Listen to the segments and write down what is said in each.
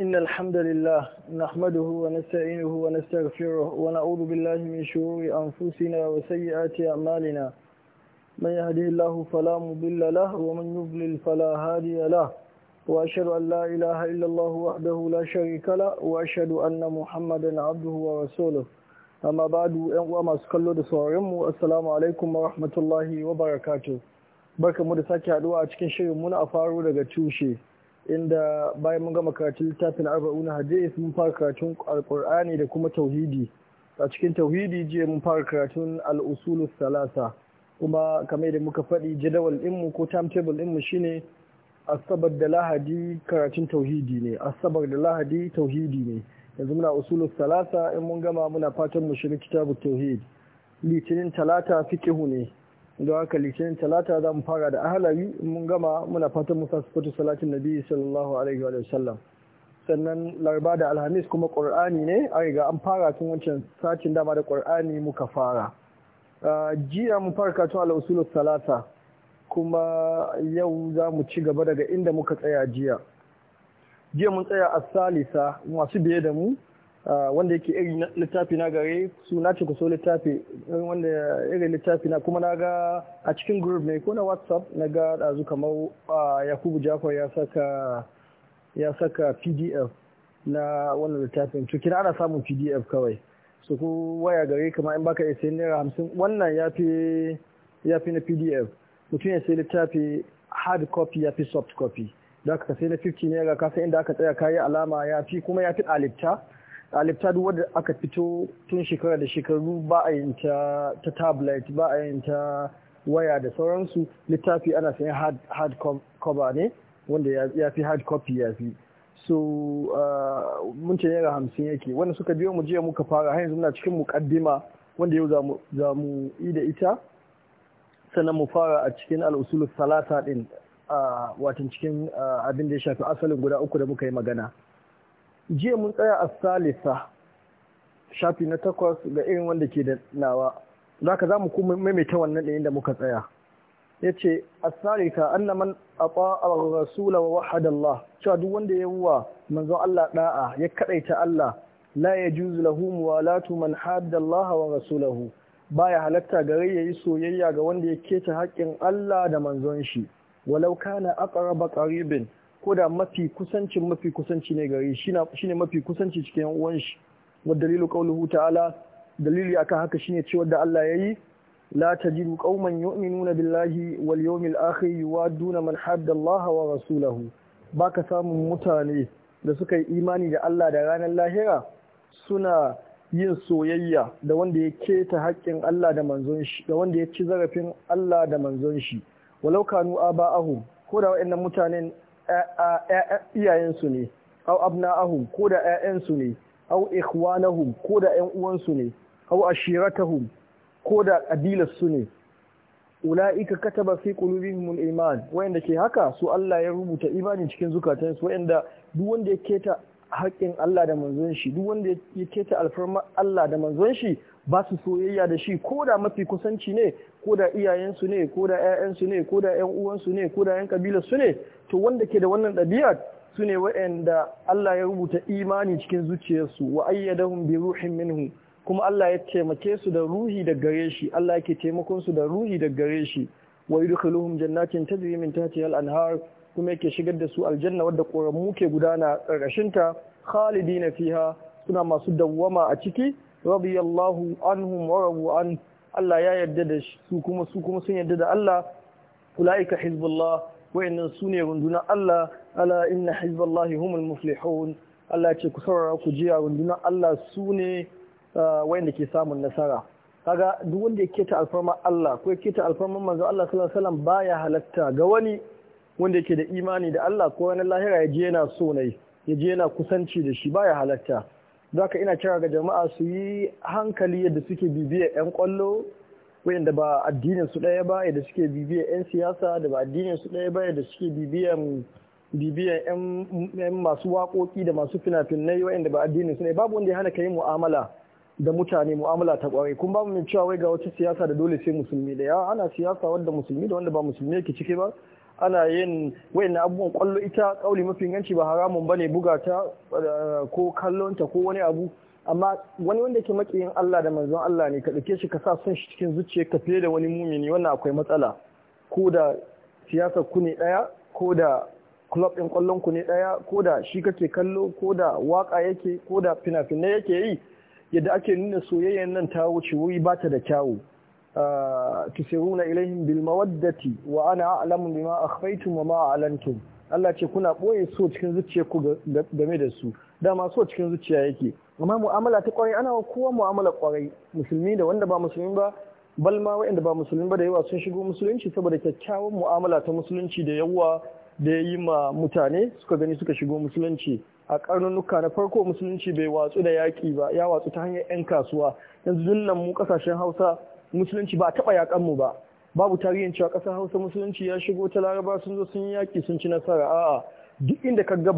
إن الحمد لله نحمده ونستعينه ونستغفره ونعوذ بالله من شرور أنفسنا وسيئات أعمالنا من يهده الله فلا مضل له ومن يضلل فلا هادي له وأشهد أن لا إله إلا الله وحده لا شريك له وأشهد أن محمدا عبده ورسوله أما بعد وما سكالو دسوارمو السلام عليكم ورحمة الله وبركاته barkamu da sake haduwa a cikin shirin muna a faro daga tushe inda bayan mun gama karatun littafin arba'u na hadis mun fara karatun alkur'ani da kuma tauhidi a cikin tauhidi jiya mun fara karatun al'usulus salasa kuma kamar da muka faɗi jadawal ɗinmu ko timetable ɗinmu shine asabar da lahadi karatun tauhidi ne asabar da lahadi tauhidi ne yanzu muna usulu salasa in mun gama muna fatan mu shiga kitabu tauhid litinin talata fikihu ne da haka litinin talata za mu fara da ahalari mun gama muna fatan musa sufatu salatin nabi sallallahu alaihi wa sallam sannan larba da alhamis kuma ƙur'ani ne a riga an fara tun wancan satin dama da ƙur'ani muka fara jiya mu fara kato ala usulus salata kuma yau za mu ci gaba daga inda muka tsaya jiya jiya mun tsaya a salisa masu biye da mu wanda yake iri littafi na gare su na ku so littafi wanda irin littafi na kuma na ga a cikin group ne ko na whatsapp na ga ɗazu kamar yakubu jafar ya saka ya saka pdf na wannan littafin cikin ana samun pdf kawai su ku waya gare kamar in baka isa naira hamsin wannan ya fi na pdf mutum ya sai littafi hard copy ya fi soft copy da aka sai na 50 naira kasa inda aka tsaya kayi alama ya fi kuma ya fi alitta a duk wadda aka fito tun shekara da shekaru ba a yin ta tablet ba a yin ta waya da sauransu littafi ana sayan hard cover ne wanda ya fi hard copy ya fi so uh, mun ce naira hamsin yake wanda suka biyo mu jiya muka fara har yanzu muna cikin mukaddima wanda yau za mu yi da ita sannan mu fara a cikin al'usulul salata din uh, watan cikin uh, abin da ya shafi asalin guda uku da muka yi magana jiya mun tsaya a salisa shafi na takwas ga irin wanda ke da nawa za ka za mu kuma maimaita wannan ɗayin da muka tsaya ya ce a salisa na man aɓa a rasula wa wahadallah cewa duk wanda ya wa manzon Allah ɗa'a ya kaɗaita Allah la ya juzu lahu muwalatu man haddallaha wa rasulahu baya halatta gare yi soyayya ga wanda ya keta haƙƙin Allah da manzon shi walau kana aqraba qaribin ko da mafi kusancin mafi kusanci ne gare shi shine mafi kusanci cikin yan uwan shi wa dalilu qawluhu ta'ala dalili akan haka shine cewa da Allah yayi la tajidu qauman yu'minuna billahi wal yawmil akhir yuwadduna man hadda Allah wa rasulahu baka samun mutane da suka yi imani da Allah da ranar lahira suna yin soyayya da wanda ya keta haƙƙin Allah da manzon shi da wanda ya ci zarafin Allah da manzon shi walau kanu aba'ahum ko da waɗannan mutanen iyayensu ne au abna'ahum ko da 'ya'yansu ne au ikhwanahum ko da 'yan uwansu ne au ashiratahum ko da ƙabilarsu ne ula'ika kataba fi mun iman wayanda ke haka su Allah ya rubuta imanin cikin zukatansu wayanda duk wanda ya keta haƙƙin Allah da manzon shi duk wanda ya keta alfarmar Allah da manzon shi ba su soyayya da shi ko da mafi kusanci ne ko da iyayensu ne ko da 'ya'yansu ne ko da 'yan uwansu ne ko da 'yan kabilarsu ne to wanda ke da wannan ɗabi'a su ne waɗanda Allah ya rubuta imani cikin zuciyarsu wa ayyadahum bi ruhin minhu kuma Allah ya taimake su da ruhi da gare shi Allah yake taimakon su da ruhi da gare shi wa yudkhiluhum jannatin tajri min tahtiha al-anhar kuma yake shigar da su aljanna wadda ƙoramu ke gudana ƙarƙashinta khalidina fiha suna masu dawwama a ciki radiyallahu anhum wa rabu an Allah ya yarda da su kuma su kuma sun yarda da Allah ulaika hizbullah inna sune runduna Allah ala inna hizballahi humul muflihun Allah ce ku saurara ku jiya runduna Allah sune ah, wayanda ke samun nasara kaga duk wanda ya keta alfarma Allah ko ya keta alfarman manzo Allah sallallahu alaihi wasallam baya halatta ga wani wanda yake da imani da Allah ko ranar lahira ya je yana so ne ya je yana kusanci da shi baya halatta Zaka ina kira ga jama'a su yi hankali yadda suke bibiyar 'yan kwallo wayanda ba addinin su ɗaya ba yadda suke bibiyar 'yan siyasa da ba addinin su ɗaya ba yadda suke bibiyar bibiyar 'yan masu waƙoƙi da masu fina-finai wayanda ba addinin su ɗaya babu wanda ya hana ka yi mu'amala da mutane mu'amala ta kwarai kun ba mu mai cewa wai ga wata siyasa da dole sai musulmi da yawa ana siyasa wanda musulmi da wanda ba musulmi yake ciki ba ana yin wayannan abubuwan kwallo ita kauli mafi inganci ba haramun ba ne buga ta eh, ko kallon ta ko wani abu amma wani wanda ke makiyin Allah da manzon Allah ne ka ɗauke shi ka sa son shi cikin zuciya ka fiye da wani mumini wannan akwai matsala ko da siyasa ku ne ɗaya ko da club din kwallon ku ne ɗaya ko da shi kake kallo ko da waka yake ko da fina-finai yake yi yadda ake nuna soyayyan nan ta wuce wuri ba ta da kyawu tusiruna ilaihim bil mawaddati wa ana a'lamu bima akhfaytum wa ma a'lantum Allah ce kuna boye so cikin zuciyarku game da su dama so cikin zuciya yake amma mu'amala ta kwarai ana kowa mu'amala kwarai musulmi da wanda ba musulmi ba balma wanda ba musulmi ba da yawa sun shigo musulunci saboda kyakkyawan mu'amala ta musulunci da yawa da ya yi ma mutane suka gani suka shigo musulunci a karnunuka na farko musulunci bai watsu da yaƙi ba ya watsu ta hanyar 'yan kasuwa yanzu nan mu kasashen hausa musulunci ba a taɓa yakan mu ba babu tarihin cewa ƙasar hausa musulunci ya shigo ta laraba sun zo sun yaƙi sun ci nasara a'a duk inda ka ga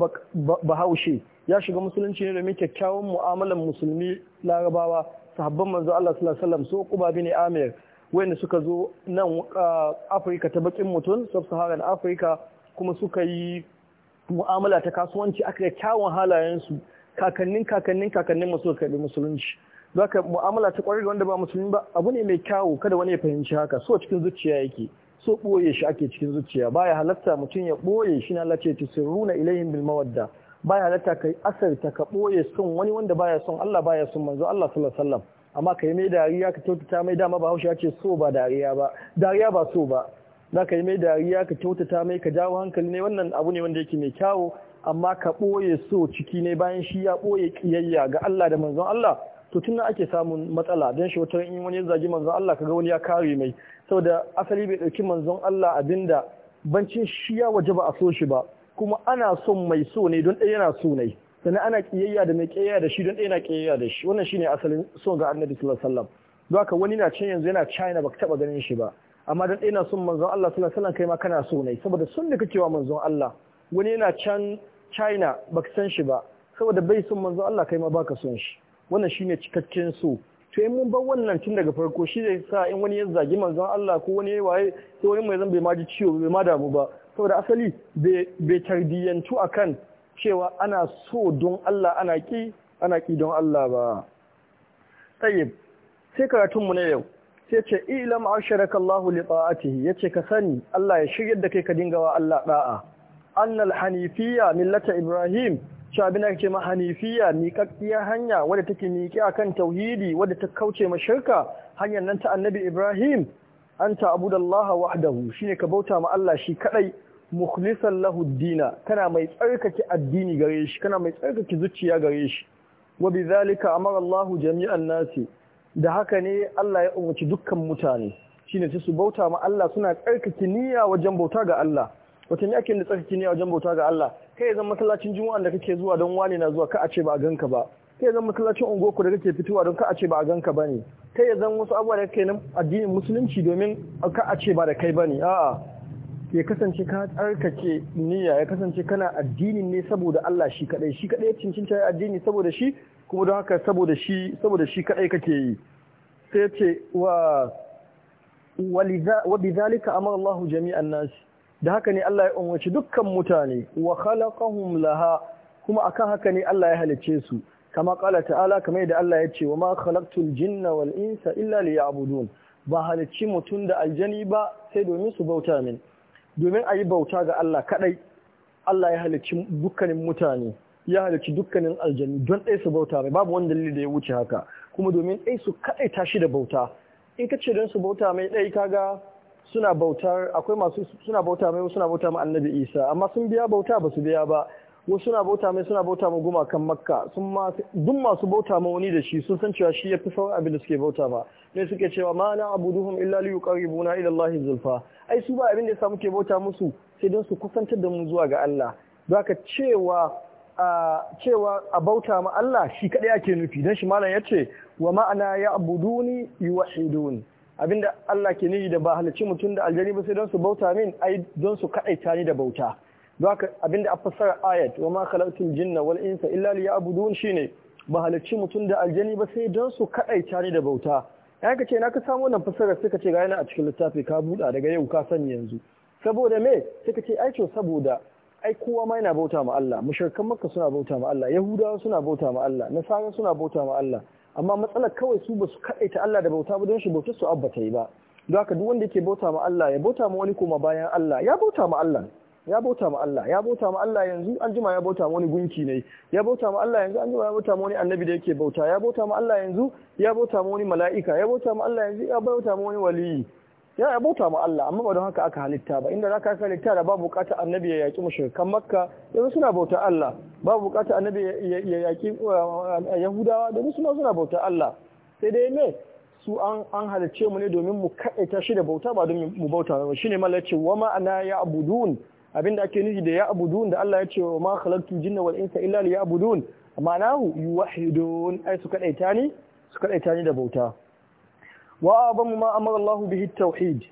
bahaushe ya shiga musulunci ne domin kyakkyawan mu'amalan musulmi larabawa sahabban manzo Allah sallallahu alaihi wasallam so Quba bin Amir wanda suka zo nan Afirka ta bakin mutum sub-Saharan Afirka kuma suka yi mu'amala ta kasuwanci aka yi kyawun halayensu kakannin kakannin kakannin masu karbi musulunci zaka mu'amala ta kwarai da wanda ba musulmi ba abu ne mai kyawu kada wani ya fahimci haka so cikin zuciya yake so ɓoye shi ake cikin zuciya baya halatta mutum ya ɓoye shi na lace ce na ilayhim bil mawadda baya halatta kai asarta ka ɓoye son wani wanda baya son Allah baya son manzo Allah sallallahu alaihi wasallam amma kai mai dariya ka kyautata mai dama ba haushi ce so ba dariya ba dariya ba so ba za ka yi mai dariya ka kyautata mai ka jawo hankali ne wannan abu ne wanda yake mai kyawu amma ka ɓoye so ciki ne bayan shi ya ɓoye ƙiyayya ga Allah da manzon Allah to tun ake samun matsala don shi wata in wani zagi manzon Allah kaga wani ya kare mai saboda asali bai dauki manzon Allah abinda bancin shi ya waje ba a so shi ba kuma ana son mai so ne don ɗaya yana so ne sannan ana kiyayya da mai kiyayya da shi don ɗaya yana kiyayya da shi wannan shine asalin son ga annabi sallallahu alaihi wasallam don haka wani na can yanzu yana China baka taba ganin shi ba amma don ɗaya na son manzon Allah sallallahu alaihi wasallam kai ma kana so ne saboda son da kake wa manzon Allah wani yana can China baka san shi ba saboda bai son manzon Allah kai ma baka son shi wannan shine cikakken so to in mun bar wannan tun daga farko shi zai sa in wani ya zagi manzon Allah ko wani ya waye sai wani mai zan bai ma ji ciwo bai ma damu ba saboda asali bai a kan cewa ana so don Allah ana ki ana ki don Allah ba tayyib sai karatun mu na yau sai ce ilam asharaka Allah li ta'atihi yace ka sani Allah ya shiryar da kai ka dinga wa Allah da'a annal hanifiyya millata ibrahim shi abin da ce ma hanifiya miƙaƙƙiyar hanya wadda take miƙe akan tauhidi wadda ta kauce ma shirka hanyar nan ta annabi ibrahim an ta abu da allaha wahdahu shine ka bauta ma allah shi kaɗai, mukhlisan lahu dina kana mai tsarkake addini gare shi kana mai tsarkake zuciya gare shi wa zalika amara allahu jami'an nasi da haka ne allah ya umarci dukkan mutane shine su bauta ma allah suna tsarkake niyya wajen bauta ga allah wata ne ake da tsarkake niyya wajen bauta ga allah kai zan masallacin juma'a da kake zuwa don wani na zuwa ka a ce ba a ganka ba kai zan masallacin ungoku da kake fitowa don ka a ce ba a ganka ba ne kai zan wasu abubuwa da kake nan addinin musulunci domin ka a ce ba da kai ba ne a'a ya kasance ka tsarkake niyya ya kasance kana addinin ne saboda Allah shi kadai shi kadai cincinta addini saboda shi kuma don haka saboda shi saboda shi kadai kake yi sai ce wa wa zalika amara Allahu jami'an nasi da haka ne Allah ya umarci dukkan mutane wa khalaqahum laha kuma akan haka ne Allah ya halice su kama kala ta'ala kamar da Allah ya ce wa ma khalaqtul jinna wal insa illa liya'budun ba halicci mutum da aljani ba sai domin su bauta min domin a bauta ga Allah kadai Allah ya halicci dukkanin mutane ya halicci dukkanin aljani don ɗaya su bauta mai babu wani dalili da ya wuce haka kuma domin ɗaya su kaɗai tashi da bauta in ka ce don su bauta mai ɗaya kaga suna bautar akwai masu suna bauta mai suna bauta ma annabi isa amma sun biya bauta ba su biya ba wasu suna bauta mai suna bauta ma gumakan makka sun ma duk masu bauta ma wani da shi sun san cewa shi ya fi sauran abin da suke bauta ma ne suke cewa ma na abuduhum illa li yuqarribuna ila allah zulfa ai su ba abin da yasa muke bauta musu sai don su kusantar da mu zuwa ga allah zaka cewa a cewa a bauta ma allah shi kadai ake nufi dan shi malam yace wa ma'ana ya abuduni yuwahidun abinda Allah ke nuni da ba halicci mutum da aljani ba sai don su bauta min ai don su kaɗaita ni da bauta don haka abinda a fassara ayat wa ma khalaqtul jinna wal insa illa liya'budun shine ba halicci mutum da aljani ba sai don su kaɗaita ni da bauta ai ka ce na ka samu wannan fassara sai ce ga yana a cikin littafi ka buɗa daga yau ka sani yanzu saboda me sai ce ai to saboda ai kowa ma yana bauta ma Allah mushrikan makka suna bauta ma Allah yahudawa suna bauta ma Allah nasara suna bauta ma Allah amma matsalar kawai su ba su kaɗaita Allah da bauta ba don shi bautar su abba ta yi ba don haka duk wanda yake bauta ma Allah ya bauta ma wani kuma bayan Allah ya bauta ma Allah ya bauta ma Allah ya bauta ma Allah yanzu an jima ya bauta ma wani gunki ne ya bauta ma Allah yanzu an jima ya bauta ma wani annabi da yake bauta ya bauta ma Allah yanzu ya bauta ma wani mala'ika ya bauta ma Allah yanzu ya bauta ma wani waliyi ya bauta Allah amma ba don haka aka halitta ba inda zaka halitta da babu bukatar annabi ya yaki mushrikan makka yanzu suna bauta Allah babu bukatar annabi ya yaki uh, uh, yahudawa da ma suna bauta Allah sai dai me su an an mu ne domin mu kaɗaita shi da bauta ba don mu bauta ba shine malaci wa ma'ana ya abudun abinda ake nufi da ya abudun da Allah ya ce wa ma khalaqtu jinna wal insa illa liya'budun ma'anahu yuwahidun ai su kaɗaita ni su kaɗaita ni da bauta wa abamu ma amara Allah bihi tauhid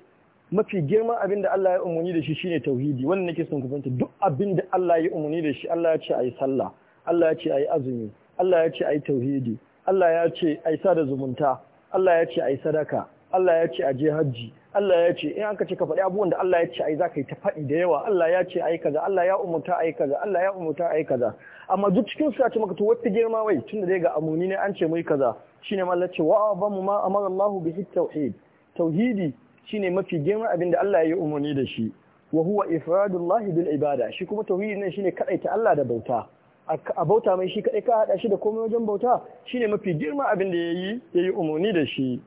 mafi girma abin da Allah ya umarni da shi shine tauhidi wannan na son ku fahimta duk abin da Allah ya umarni da shi Allah ya ce ayi sallah Allah ya ce ayi azumi Allah ya ce ayi tauhidi Allah ya ce ayi sada zumunta Allah ya ce ayi sadaka Allah ya ce a je hajji Allah ya ce in aka ce ka faɗi abubuwan da Allah ya ce ai za yi ta faɗi da yawa Allah ya ce ai kaza Allah ya umurta ai kaza Allah ya umurta ai kaza amma duk cikin su ya ce maka to wata girma wai tunda dai ga amuni ne an ce mai kaza shine ma Allah ce wa ma amara Allah bihi tauhid tauhidi shine mafi girma abin da Allah ya yi umarni da shi wa huwa ifradullah bil ibada shi kuma tauhidi ne shine kadaita Allah da bauta a bauta mai shi kadai ka hada shi da komai wajen bauta shine mafi girma abin da yayi yayi umarni da shi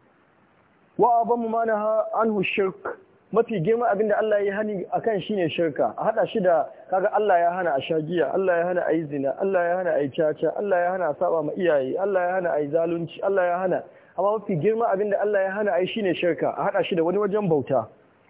wa abamu ma naha anhu shirk mafi girman abin da Allah ya hani akan shine shirka a hada shi da kaga Allah ya hana a shagiya Allah ya hana a yi zina Allah ya hana a yi caca Allah ya hana a saba ma iyaye Allah ya hana a yi zalunci Allah ya hana amma mafi girma abin da Allah ya hana a shi shine shirka a hada shi da wani wajen bauta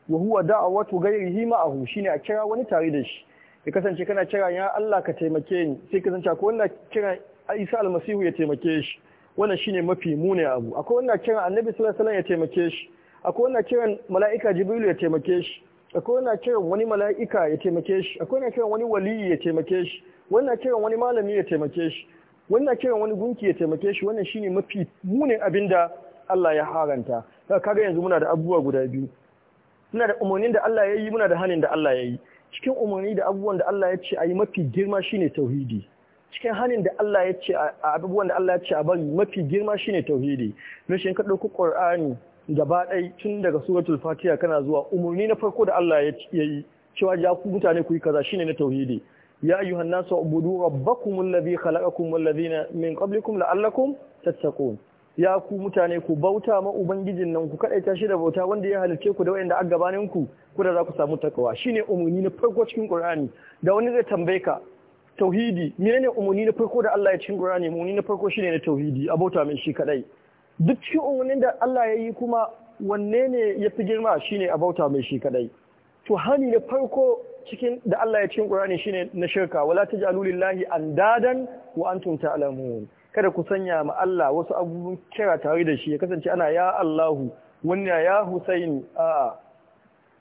wa huwa da'awatu ghayrihi shi shine a kira wani tare da shi ya kasance kana kira ya Allah ka taimake ni sai kasance ko wannan kira Isa almasihu ya taimake shi wannan shine mafi muni abu akwai wanda kiran annabi sallallahu alaihi ya taimake shi akwai wanda kiran mala'ika jibrilu ya taimake shi akwai wanda kiran wani mala'ika ya taimake shi akwai wanda kiran wani waliyi ya taimake shi wanda kiran wani malami ya taimake shi wanda kiran wani gunki ya taimake shi wannan shine mafi munin abinda Allah ya haranta kaga yanzu muna da abubuwa guda biyu muna da umarnin da Allah ya yi muna da hanin da Allah ya yi cikin umarni da abubuwan da Allah ya ce a yi mafi girma shine tauhidi cikin hannun da Allah ya ce a abubuwan da Allah ya ce a bari mafi girma shine tauhidi Mishin shi ka ɗauki ƙur'ani gaba ɗai tun daga suratul fatiha kana zuwa umarni na farko da Allah ya yi cewa ya ku mutane ku yi kaza shine na tauhidi ya ayyuhan nasu ubudu rabbakum alladhi khalaqakum walladhina min qablikum la'allakum tattaqun ya ku mutane ku bauta ma ubangijin nan ku kadaita shi da bauta wanda ya halice ku da wanda a gabaninku, ku da za ku samu takawa shine umarni na farko cikin Qur'ani da wani zai tambaye ka tauhidi menene umarni na farko da Allah ya cikin ne umuni na farko shine na tauhidi abota min shi kadai duk cikin umarnin da Allah ya yi kuma wanne ne ya fi girma shine abota mai shi kadai to hani na farko cikin da Allah ya cikin Qur'ani shine na shirka wala taj'alu lillahi andadan wa antum ta'lamun kada ku sanya ma Allah wasu abubuwan kira tare da shi ya kasance ana ya Allahu wannan ya Husaini a'a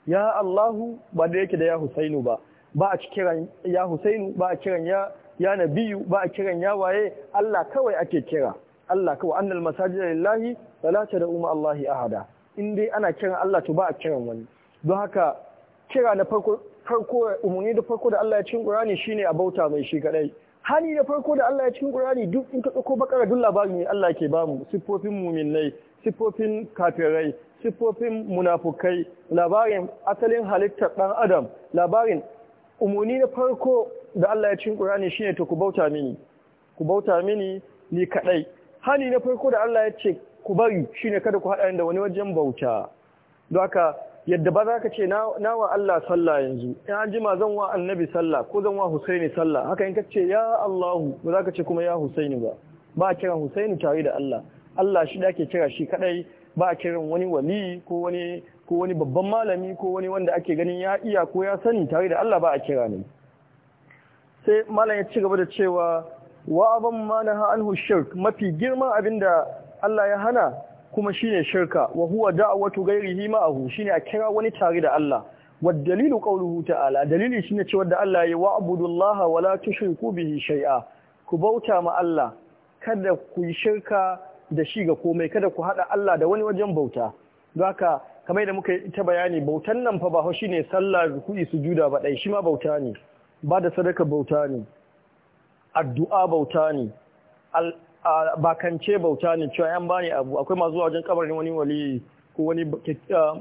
ya Allahu ba da yake da ya Husainu ba ba a kiran ya Husainu ba a kiran ya ya Nabiyu ba a kiran ya waye Allah kawai ake kira Allah kawai annal masajida lillahi fala tad'u ma Allahi ahada in dai ana kiran Allah to ba a kiran wani don haka kira na farko farko umuni da farko da Allah ya cikin Qur'ani shine a bauta mai shi kadai hani da farko da Allah ya cikin Qur'ani duk in ka tsako bakara duk labarin ne Allah ke bamu siffofin muminai siffofin kafirai siffofin munafukai labarin asalin halittar ɗan adam labarin umuni na farko da Allah ya cin Qur'ani shine to ku bauta mini ku bauta mini ni kaɗai. hani na farko da Allah ya ce ku bari shine kada ku hada da wani wajen bauta don haka yadda ba za ka ce na wa Allah sallah yanzu in an jima zan wa annabi sallah ko zan wa Husaini sallah haka in ka ce ya Allahu ba za ka ce kuma ya Husaini ba ba a kiran Husaini tare da Allah Allah shi da ake kira shi kadai ba a kiran wani wali ko wani ko wani babban malami ko wani wanda ake ganin ya iya ko ya sani tare da Allah ba a kira ne sai malam ya ci gaba da cewa wa abin manaha anhu shirk mafi girma abin da Allah ya hana kuma shine shirka wa huwa da'watu ghairihi ma'ahu shine a kira wani tare da Allah wa dalilu qawluhu ta'ala dalili shine cewa da Allah ya wa'budullaha wa la tushriku bihi shay'a ku bauta ma Allah kada ku shirka da shi ga komai kada ku hada Allah da wani wajen bauta haka kamar da muka yi ta bayani bautan nan fa ba shi ne sallah ruku'i sujuda ba dai shi ma bauta ne ba da sadaka bauta ne addu'a bauta ne bakance bauta ne cewa yan bani abu akwai masu zuwa wajen kabarin wani wali ko wani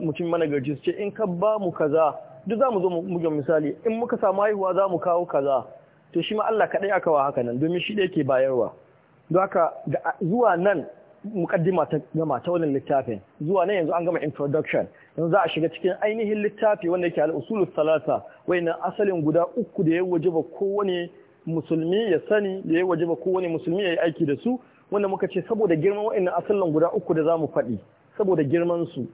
mutum mana garji su ce in ka ba mu kaza duk za mu zo mu misali in muka samu haihuwa za mu kawo kaza to shi ma Allah kaɗai aka wa haka nan domin shi ɗaya ke bayarwa don haka zuwa nan mukaddima ta gama ta wannan littafin zuwa nan yanzu an gama introduction yanzu za a shiga cikin ainihin littafi wanda yake al-usulu salasa wayannan asalin guda uku da ya wajaba kowane musulmi ya sani da ya wajaba kowane musulmi ya yi aiki da su wanda muka ce saboda girman wayannan asalin guda uku da zamu faɗi saboda girman su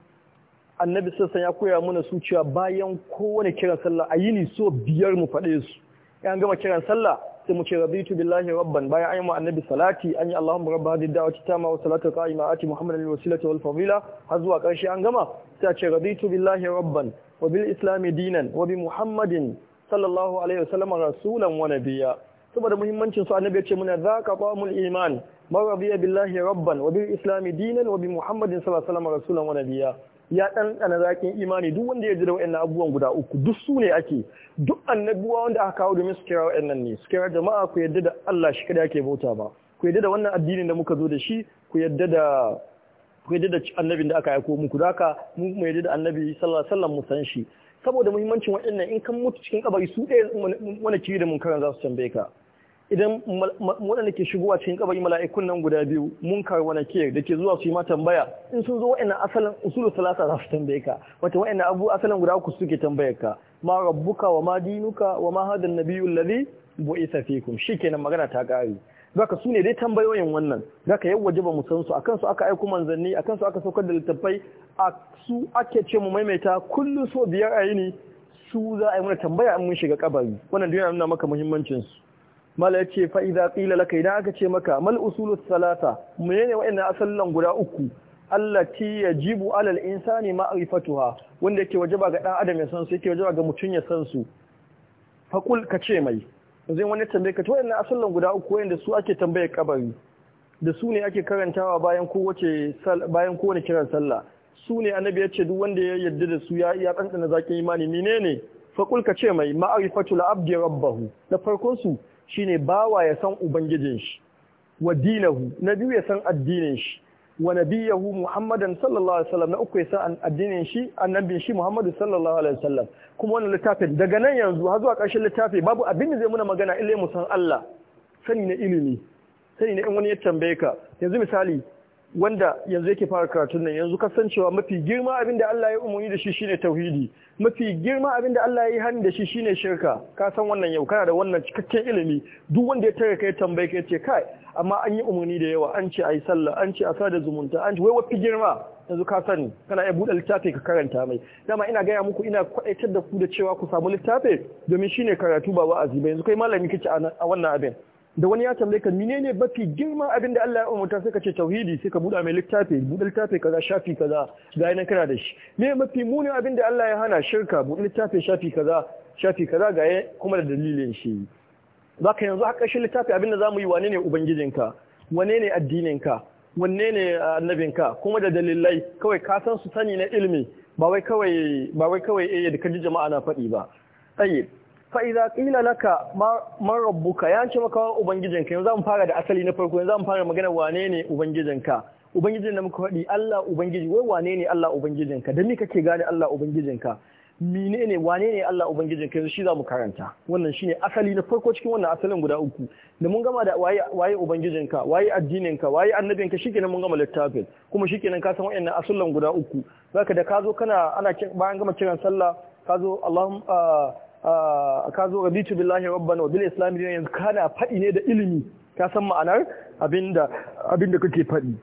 annabi sassan ya koya mana su cewa bayan kowane kiran sallah a yi ni so biyar mu faɗe su an gama kiran sallah sai mu ce rabitu billahi rabban bayan ayyuma annabi salati an yi allahumma rabba hadhihi da'wati tama wa salatu qa'ima ati muhammadan lil wasilati wal fadila har zuwa karshe an gama sai a ce rabitu billahi rabban wa bil islami dinan wa bi muhammadin sallallahu alaihi wasallam rasulan wa nabiyya saboda muhimmancin su annabi ya ce muna zaka qawmul iman man rabiya billahi rabban wa bil islami dinan wa bi muhammadin sallallahu alaihi wasallam rasulan wa nabiyya ya ɗanɗana zakin imani duk wanda ya jira da wa'annan abubuwan guda uku duk su ne ake duk annabuwa wanda aka kawo domin su kira wa'annan ne su kira jama'a ku yadda da Allah shi kada yake bauta ba ku yadda da wannan addinin da muka zo da shi ku yadda da ku yadda da annabin da aka aiko muku da haka mu mu yadda da annabi sallallahu alaihi wasallam mu san shi saboda muhimmancin wa'annan in kan mutu cikin kabari su ɗaya wani kiri da mun karan za su tambaye ka idan waɗanda ke shigowa cikin kabari mala'ikun nan guda biyu mun kawai wani ke da ke zuwa su yi ma tambaya in sun zo wa'annan asalin usulu salasa za su tambaye ka wata wa'annan abu asalin guda uku suke tambayar ka ma rabbuka wa ma dinuka wa ma hadan nabiyyu alladhi bu'itha fikum shikenan magana ta kare zaka su ne dai tambayoyin wannan zaka yau waje ba mu san su akan su aka aiko manzanni akan su aka saukar da littattafai a su ake ce mu maimaita kullum so biyar a yi ne, su za a yi mana tambaya in mun shiga kabari wannan duniya nuna maka muhimmancin su mala yace fa idza qila laka idan aka ce maka mal usulus salasa menene wa'annan asallan guda uku allati yajibu alal insani ma'rifatuha wanda yake wajaba ga dan adam ya san su yake wajaba ga mutun ya san su fa kul ka ce mai zai wani tambaye ka to wa'annan asallan guda uku wanda su ake tambaye kabari da su ne ake karantawa bayan kowace bayan kowane kiran sallah su ne annabi ya ce duk wanda ya yarda da su ya ya tsantsana zakin imani menene fa kul ka ce mai ma'rifatul abdi rabbahu da farkon su Shi ne bawa ya san ubangijin shi wa dinahu na biyu ya san addinin shi wa nabiyahu muhammadan sallallahu alaihi wasallam na uku ya san addinin shi annabin shi muhammadu sallallahu alaihi wasallam kuma wani littafin daga nan yanzu har zuwa ƙarshen littafi babu abin da zai muna magana illa mu san Allah sani na ilimi sani na in wani ya tambaye ka yanzu misali wanda yanzu yake fara karatun nan yanzu kasancewa mafi girma abin da Allah ya umarni da shi shine tauhidi mafi girma abin da Allah ya yi hannu da shi shine shirka ka san wannan yau kana da wannan cikakken ilimi duk wanda ya tare kai tambaye kai ce kai amma an yi umarni da yawa an ce ayi sallah an ce a da zumunta an ce wai wafi girma yanzu ka sani kana iya buɗe littafi ka karanta mai dama ina gaya muku ina kwaɗaitar da ku da cewa ku samu littafi domin shine karatu ba wa'azi ba yanzu kai malami kace a wannan abin da wani ya tambaye ka menene mafi girman abin da Allah ya umarta sai ka ce tauhidi sai ka buɗa mai littafi buɗe littafi kaza shafi kaza ga yana kana da shi me mafi munin abin da Allah ya hana shirka buɗe littafi shafi kaza shafi kaza ga kuma da dalilin shi zaka yanzu a shi littafi abin da zamu yi wane ne ubangijinka wane ne addininka wanne ne uh, annabinka kuma da dalilai kawai ka san su sani na ilimi ba wai kawai ba wai kawai eh da kaji jama'a na faɗi ba tayyib fa'iza qila laka rabbuka ya ce maka ubangijinka yanzu zan fara da asali na farko yanzu zan fara magana wane ne ubangijinka ubangijin da muka faɗi Allah ubangiji wai wane ne Allah ubangijinka da ni kake gane Allah ubangijinka mine ne wane ne Allah ubangijinka yanzu shi za mu karanta wannan shine asali na farko cikin wannan asalin guda uku da mun gama da waye waye ubangijinka waye addininka waye annabinka shikenan mun gama littafin kuma shikenan ka san wayannan asalin guda uku zaka da ka zo kana ana bayan gama kiran sallah ka zo Allahumma ah, Ah, ka zo bitu billahi rabban wa bil islam din yanzu kana faɗi ne da ilimi ka san ma'anar abinda abinda kake fadi.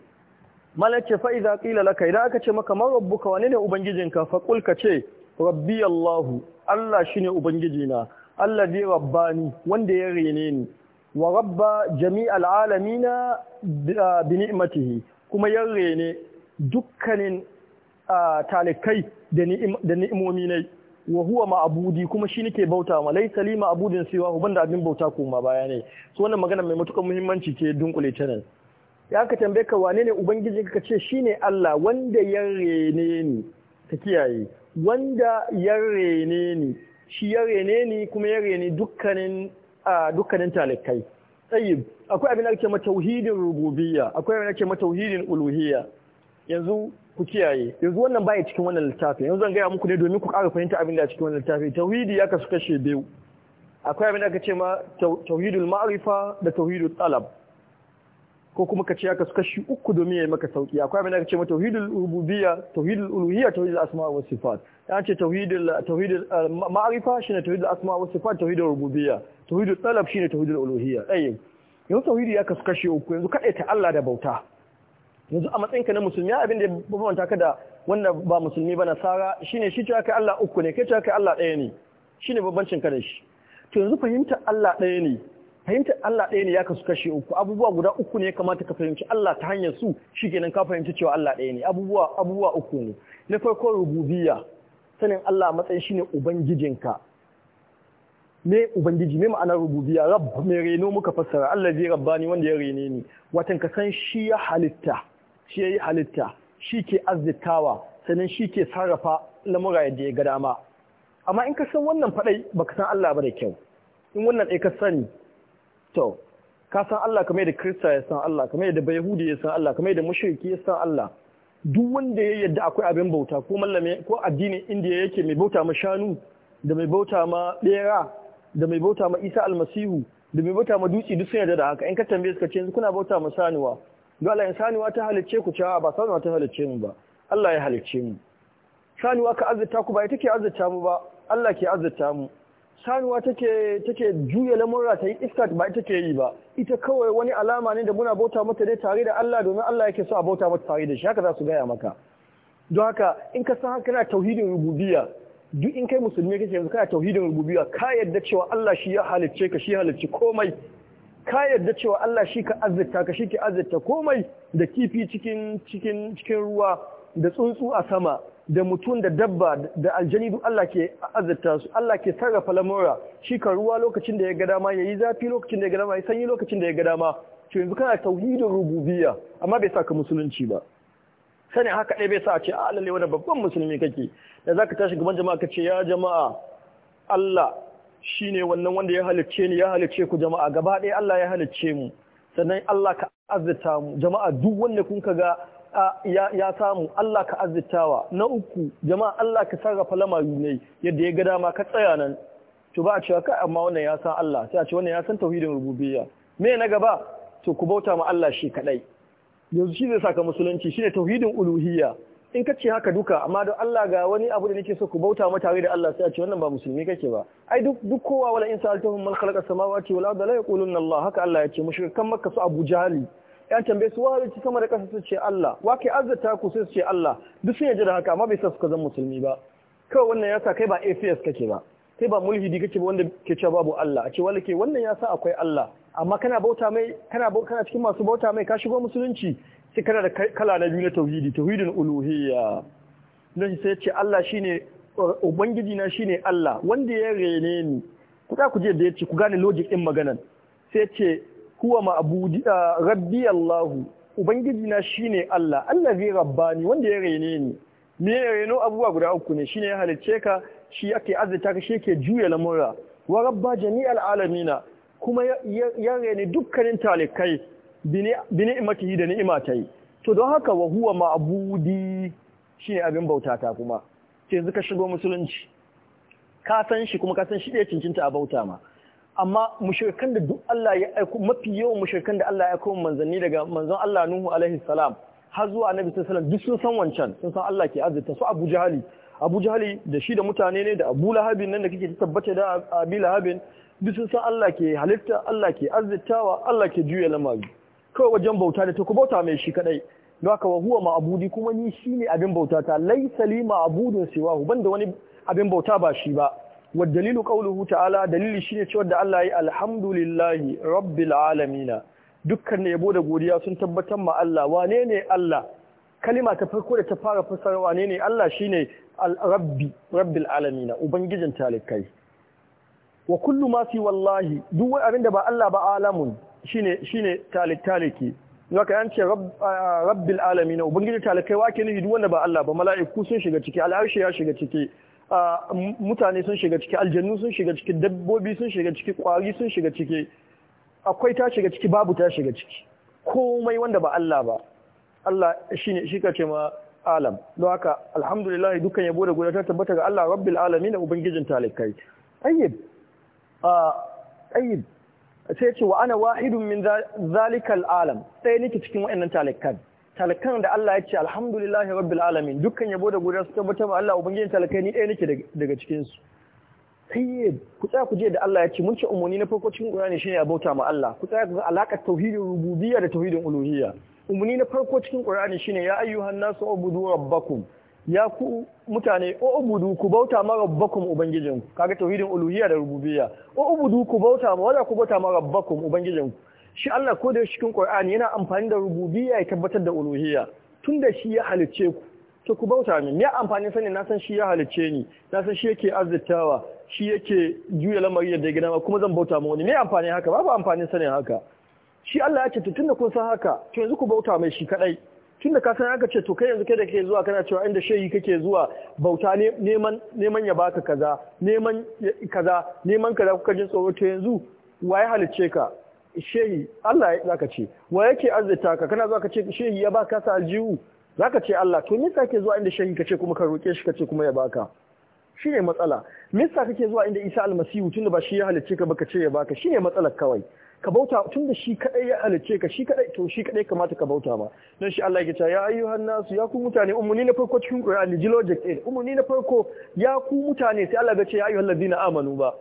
malaka fa idza qila laka idan aka ce maka ma rabbuka wane ne ubangijinka fa qul ka ce rabbi allah allah shine ubangijina allah zai rabbani wanda ya rene ni wa rabba jami'al alamina bi ah, ni'matihi kuma ya rene dukkanin ah, talikai da ni'imomi ne wa huwa ma'budi kuma shi nake bauta ma laisa li ma'budin siwa hu banda abin bauta kuma baya ne so wannan magana mai matukar muhimmanci ce dunkule ta nan ya ka tambaye ka wane ne ubangiji ka ce shine Allah wanda ya rene ni ka kiyaye wanda ya rene ni shi ya rene ni kuma ya rene dukkanin dukkanin talikai tsayib akwai abin da ake tauhidin rububiyya akwai abin da ake tauhidin uluhiyya yanzu ku kiyaye yanzu wannan baya cikin wannan littafin. yanzu zan gaya muku ne domin ku ƙara fahimta abin da cikin wannan littafin. tauhidi ya kasu kashe biyu akwai abin da aka ce ma tauhidul ma'rifa da tauhidul talab ko kuma ka ce ya kasu kashi uku domin ya yi maka sauki akwai abin da aka ce ma tauhidul rububiyya tauhidul uluhiyya tauhidul asma wa sifat ya ce tauhidul tauhidul ma'rifa shine tauhidul asma wa sifat tauhidul rububiyya tauhidul talab shine tauhidul uluhiyya ɗaya yanzu tauhidi ya kasu kashi uku yanzu kaɗai ta Allah da bauta yanzu a matsayinka na musulmi abin da ya bambanta ka da wanda ba musulmi ba nasara shine shi cewa kai Allah uku ne kai cewa kai Allah ɗaya ne shi bambancin ka da shi to yanzu fahimtar Allah ɗaya ne fahimtar Allah ɗaya ne ya kasu kashe uku abubuwa guda uku ne ya kamata ka fahimci Allah ta hanyar su shi kenan ka fahimci cewa Allah ɗaya ne abubuwa abubuwa uku ne na farko rububiyya sanin Allah a matsayin ne ubangijinka me ubangiji me ma'anar rububiyya rabb me reno muka fassara Allah zai rabbani wanda ya rene ni watan ka san shi ya halitta shi ya yi halitta shi ke arzikawa sannan shi ke sarrafa lamura yadda ya ga dama amma in ka san wannan faɗai baka san Allah ba da kyau in wannan ɗai ka sani to ka san Allah kamar da Kirista ya san Allah kamar da Bayahudi ya san Allah kamar da mushriki ya san Allah duk wanda ya yadda akwai abin bauta ko mallame ko addinin Indiya yake mai bauta ma shanu da mai bauta ma bera da mai bauta ma Isa almasihu da mai bauta ma dutse duk sun yarda da haka in ka tambaye ka ce kuna bauta ma sanuwa dole in sanuwa ta halicce ku cewa ba sanuwa ta halicce mu ba Allah ya halicce mu sanuwa ka azurta ku ba ita ke azurta mu ba Allah ke azurta mu sanuwa take take juya lamurra ta yi iska ba ita ke yi ba ita kawai wani alama ne da muna bauta mata dai tare da Allah domin Allah yake so a bauta mata tare da shi haka za su gaya maka don haka in ka san haka na tauhidin rububiyya duk in kai musulmi kake yanzu kana tauhidin rububiyya ka yarda cewa Allah shi ya halicce ka shi ya halicci komai ka yarda cewa Allah shi ka azzata ka shi ke azzata komai da kifi cikin cikin cikin ruwa da tsuntsu a sama da mutum da dabba da aljani duk Allah ke azzata su Allah ke sarrafa lamura shi ka ruwa lokacin da ya ga dama yayi zafi lokacin da ya ga dama yayi sanyi lokacin da ya ga dama to yanzu kana tauhidin rububiyya amma bai sa ka musulunci ba sani haka ɗaya bai sa a ce a ah, lalle wani babban musulmi kake da zaka tashi gaban jama'a ka ce ya jama'a Allah Shi ne wannan wanda ya halicce ni ya halicce ku jama'a gaba ɗaya Allah ya halicce mu sannan Allah ka azzita mu jama'a duk wanda kun ga ya samu Allah ka azzitawa na uku jama'a Allah ka sarrafa lamari ne yadda ya ga dama ka tsaya nan to ba a cewa kai amma wannan ya san Allah sai a ce wannan ya san tauhidin rububiyya me na gaba to ku bauta ma Allah shi kadai yanzu shi zai saka musulunci shine tauhidin uluhiyya in ka ce haka duka amma don Allah ga wani abu da nake so ku bauta mata da Allah sai a ce wannan ba musulmi kake ba ai duk duk kowa wala in sa'altahum man khalaqa samawati wal arda la yaquluna Allah haka Allah ya ce mushrikan makka su Abu Jahali ya tambaye su wani ci sama da kasa su ce Allah wa kai azzata ku sai su ce Allah duk sun yaji da haka amma bai sa suka zan musulmi ba kawai wannan ya sa kai ba atheist kake ba kai ba mulhidi kake ba wanda ke cewa babu Allah a ce wala ke wannan ya sa akwai Allah amma kana bauta mai kana cikin masu bauta mai ka shigo musulunci sai kana da kala na biyu na tauhidi tauhidin uluhiyya don sai ce Allah shine ubangiji na shine Allah wanda ya rene ni ku da ku je da yace ku gane logic din maganan sai ce huwa ma'budi rabbi Allahu, ubangiji na shine Allah Allah zai rabbani wanda ya rene ni me ya reno abubuwa guda uku ne shine ya halicce ka shi yake azzata ka shi yake juya lamura wa rabba jami'al alamina kuma ya rene dukkanin talikai bi ni'imatihi da ni'ima ta yi to don haka wa huwa ma'budi shine abin bautata kuma sai yanzu ka shigo musulunci ka san shi kuma ka san shi ɗaya cincinta a bauta ma amma mushrikan da duk Allah ya aiko mafi yawan mushrikan da Allah ya aiko manzanni daga manzon Allah Nuhu alaihi salam har zuwa Annabi sallallahu alaihi duk sun san wancan sun san Allah ke azurta su Abu Jahali Abu Jahali da shi da mutane ne da Abu Lahabin nan da kike tabbata da Abi Lahabin duk sun san Allah ke halitta Allah ke azurtawa Allah ke juya lamari kawai wajen bauta da ta bauta mai shi kadai haka wa huwa ma'abudi kuma ni shi ne abin bauta ta laysa li sai wahu banda wani abin bauta ba shi ba wa dalilu qawluhu ta'ala dalili shine cewa da Allah ya alhamdulillahi rabbil alamin dukkan ne yabo da godiya sun tabbatar ma Allah wane ne Allah kalima ta farko da ta fara fasara wane ne Allah shine al-rabbi rabbil alamin ubangijin talikai wa kullu ma fi wallahi duk abinda ba Allah ba alamun shine talitaliki zaka yance rabbil alamin ubangiji talakai wake ne duk wanda ba Allah ba mala'iku sun shiga ciki al'arshi ya shiga ciki mutane sun shiga ciki aljannu sun shiga ciki dabbobi sun shiga ciki kwari sun shiga ciki akwai ta shiga ciki babu ta shiga ciki komai wanda ba Allah ba Allah shine shi kace ma alam don haka alhamdulillah dukkan yabo da godiya ta tabbata ga Allah rabbil alamin ubangijin talakai ayyib ayyib sai ce wa ana wahidun min zalikal alam sai nake cikin wayannan talakan talakan da Allah ya ce alhamdulillah rabbil alamin dukkan yabo da godiya su tabbatar ma Allah ubangijin talakai ni ɗaya nake daga cikin su sai ku tsaya ku je da Allah ya ce mun ce umuni na farko cikin Qur'ani shine ya bauta ma Allah ku tsaya ku ga alakar tauhidin rububiyya da tauhidin uluhiyya umuni na farko cikin Qur'ani shine ya ayyuhan nasu ubudu rabbakum ya ku mutane o ubudu ku bauta ma rabbakum ubangijinku kaga tauhidin uluhiyya da rububiyya o ubudu ku bauta ma wala ku bauta ma rabbakum ubangijinku shi Allah ko da cikin Qur'ani yana amfani da rububiyya ya tabbatar da uluhiyya tunda shi ya halicce ku to ku bauta min ya amfani sani na san shi ya halicce ni na san shi yake azzatawa shi yake juya lamari da gida ma kuma zan bauta ma wani me amfani haka babu amfani sanin haka shi Allah ya ce tunda kun san haka to yanzu ku bauta mai shi kadai tunda ka san aka ce to kai yanzu kai da ke zuwa kana cewa inda shehi kake zuwa bauta neman neman ya baka kaza neman kaza neman kaza kuka jin tsoro to yanzu waye halicce ka shehi Allah ya zaka ce wa yake azzata ka kana zuwa ka ce shehi ya baka sa aljihu zaka ce Allah to me yasa kake zuwa inda shehi kace kuma ka roke shi kace kuma ya baka shine matsala me kake zuwa inda Isa almasihu tunda ba shi ya halicce ka baka ce ya baka shi ne matsalar kawai ka bauta tun da shi kadai ya halice ka shi kadai to shi kadai kamata ka bauta ba dan shi Allah ya ce ya ayyuhan nasu ya ku mutane ummuni na farko cikin Qur'an ji logic eh ummuni na farko ya ku mutane sai Allah ya ce ya ayyuhal ladina amanu ba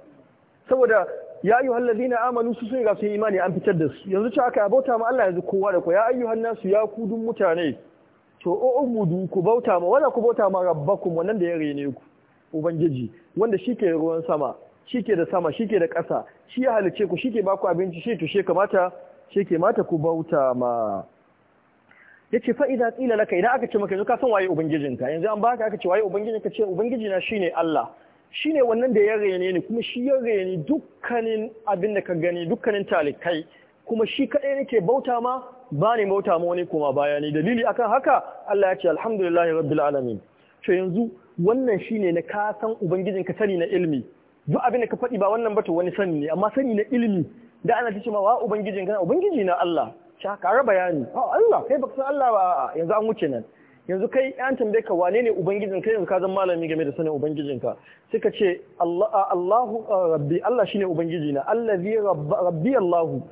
saboda ya ayyuhal ladina amanu su sun ga sun imani an fitar da su yanzu cewa aka bauta ma Allah yanzu kowa da ku. ya ayyuhan nasu ya ku dun mutane to o ummudu ku bauta ma wala ku bauta ma rabbakum wannan da ya rene ku ubangiji wanda shi ke ruwan sama shi ke da sama shi ke da ƙasa shi ya halice ku shi ke baku abinci shi tushe mata shi ke mata ku bauta ma ya ce fa'ida tsila laka idan aka ce maka yanzu ka san waye ubangijinka yanzu an baka aka ce waye ubangijinka ce ubangijina shi ne Allah Shi ne wannan da ya rene ni kuma shi ya rene dukkanin abin da ka gani dukkanin talikai kuma shi kaɗai nake bauta ma ba ne bauta ma wani kuma baya ne dalili akan haka Allah ya ce alhamdulillahi rabbil alamin to yanzu wannan ne na ka ubangijinka sani na ilmi duk abin da ka faɗi ba wannan ba to wani sani ne amma sani na ilimi da ana ta ce ma wa ubangijin kana ubangiji na Allah sha kare bayani a Allah kai baka san Allah ba yanzu an wuce nan yanzu kai an tambaye ka wane ne ubangijin kai yanzu ka zama malami game da sanin ubangijin ka sai ka ce Allah Allahu rabbi Allah shine ubangiji na allazi rabbi Allahu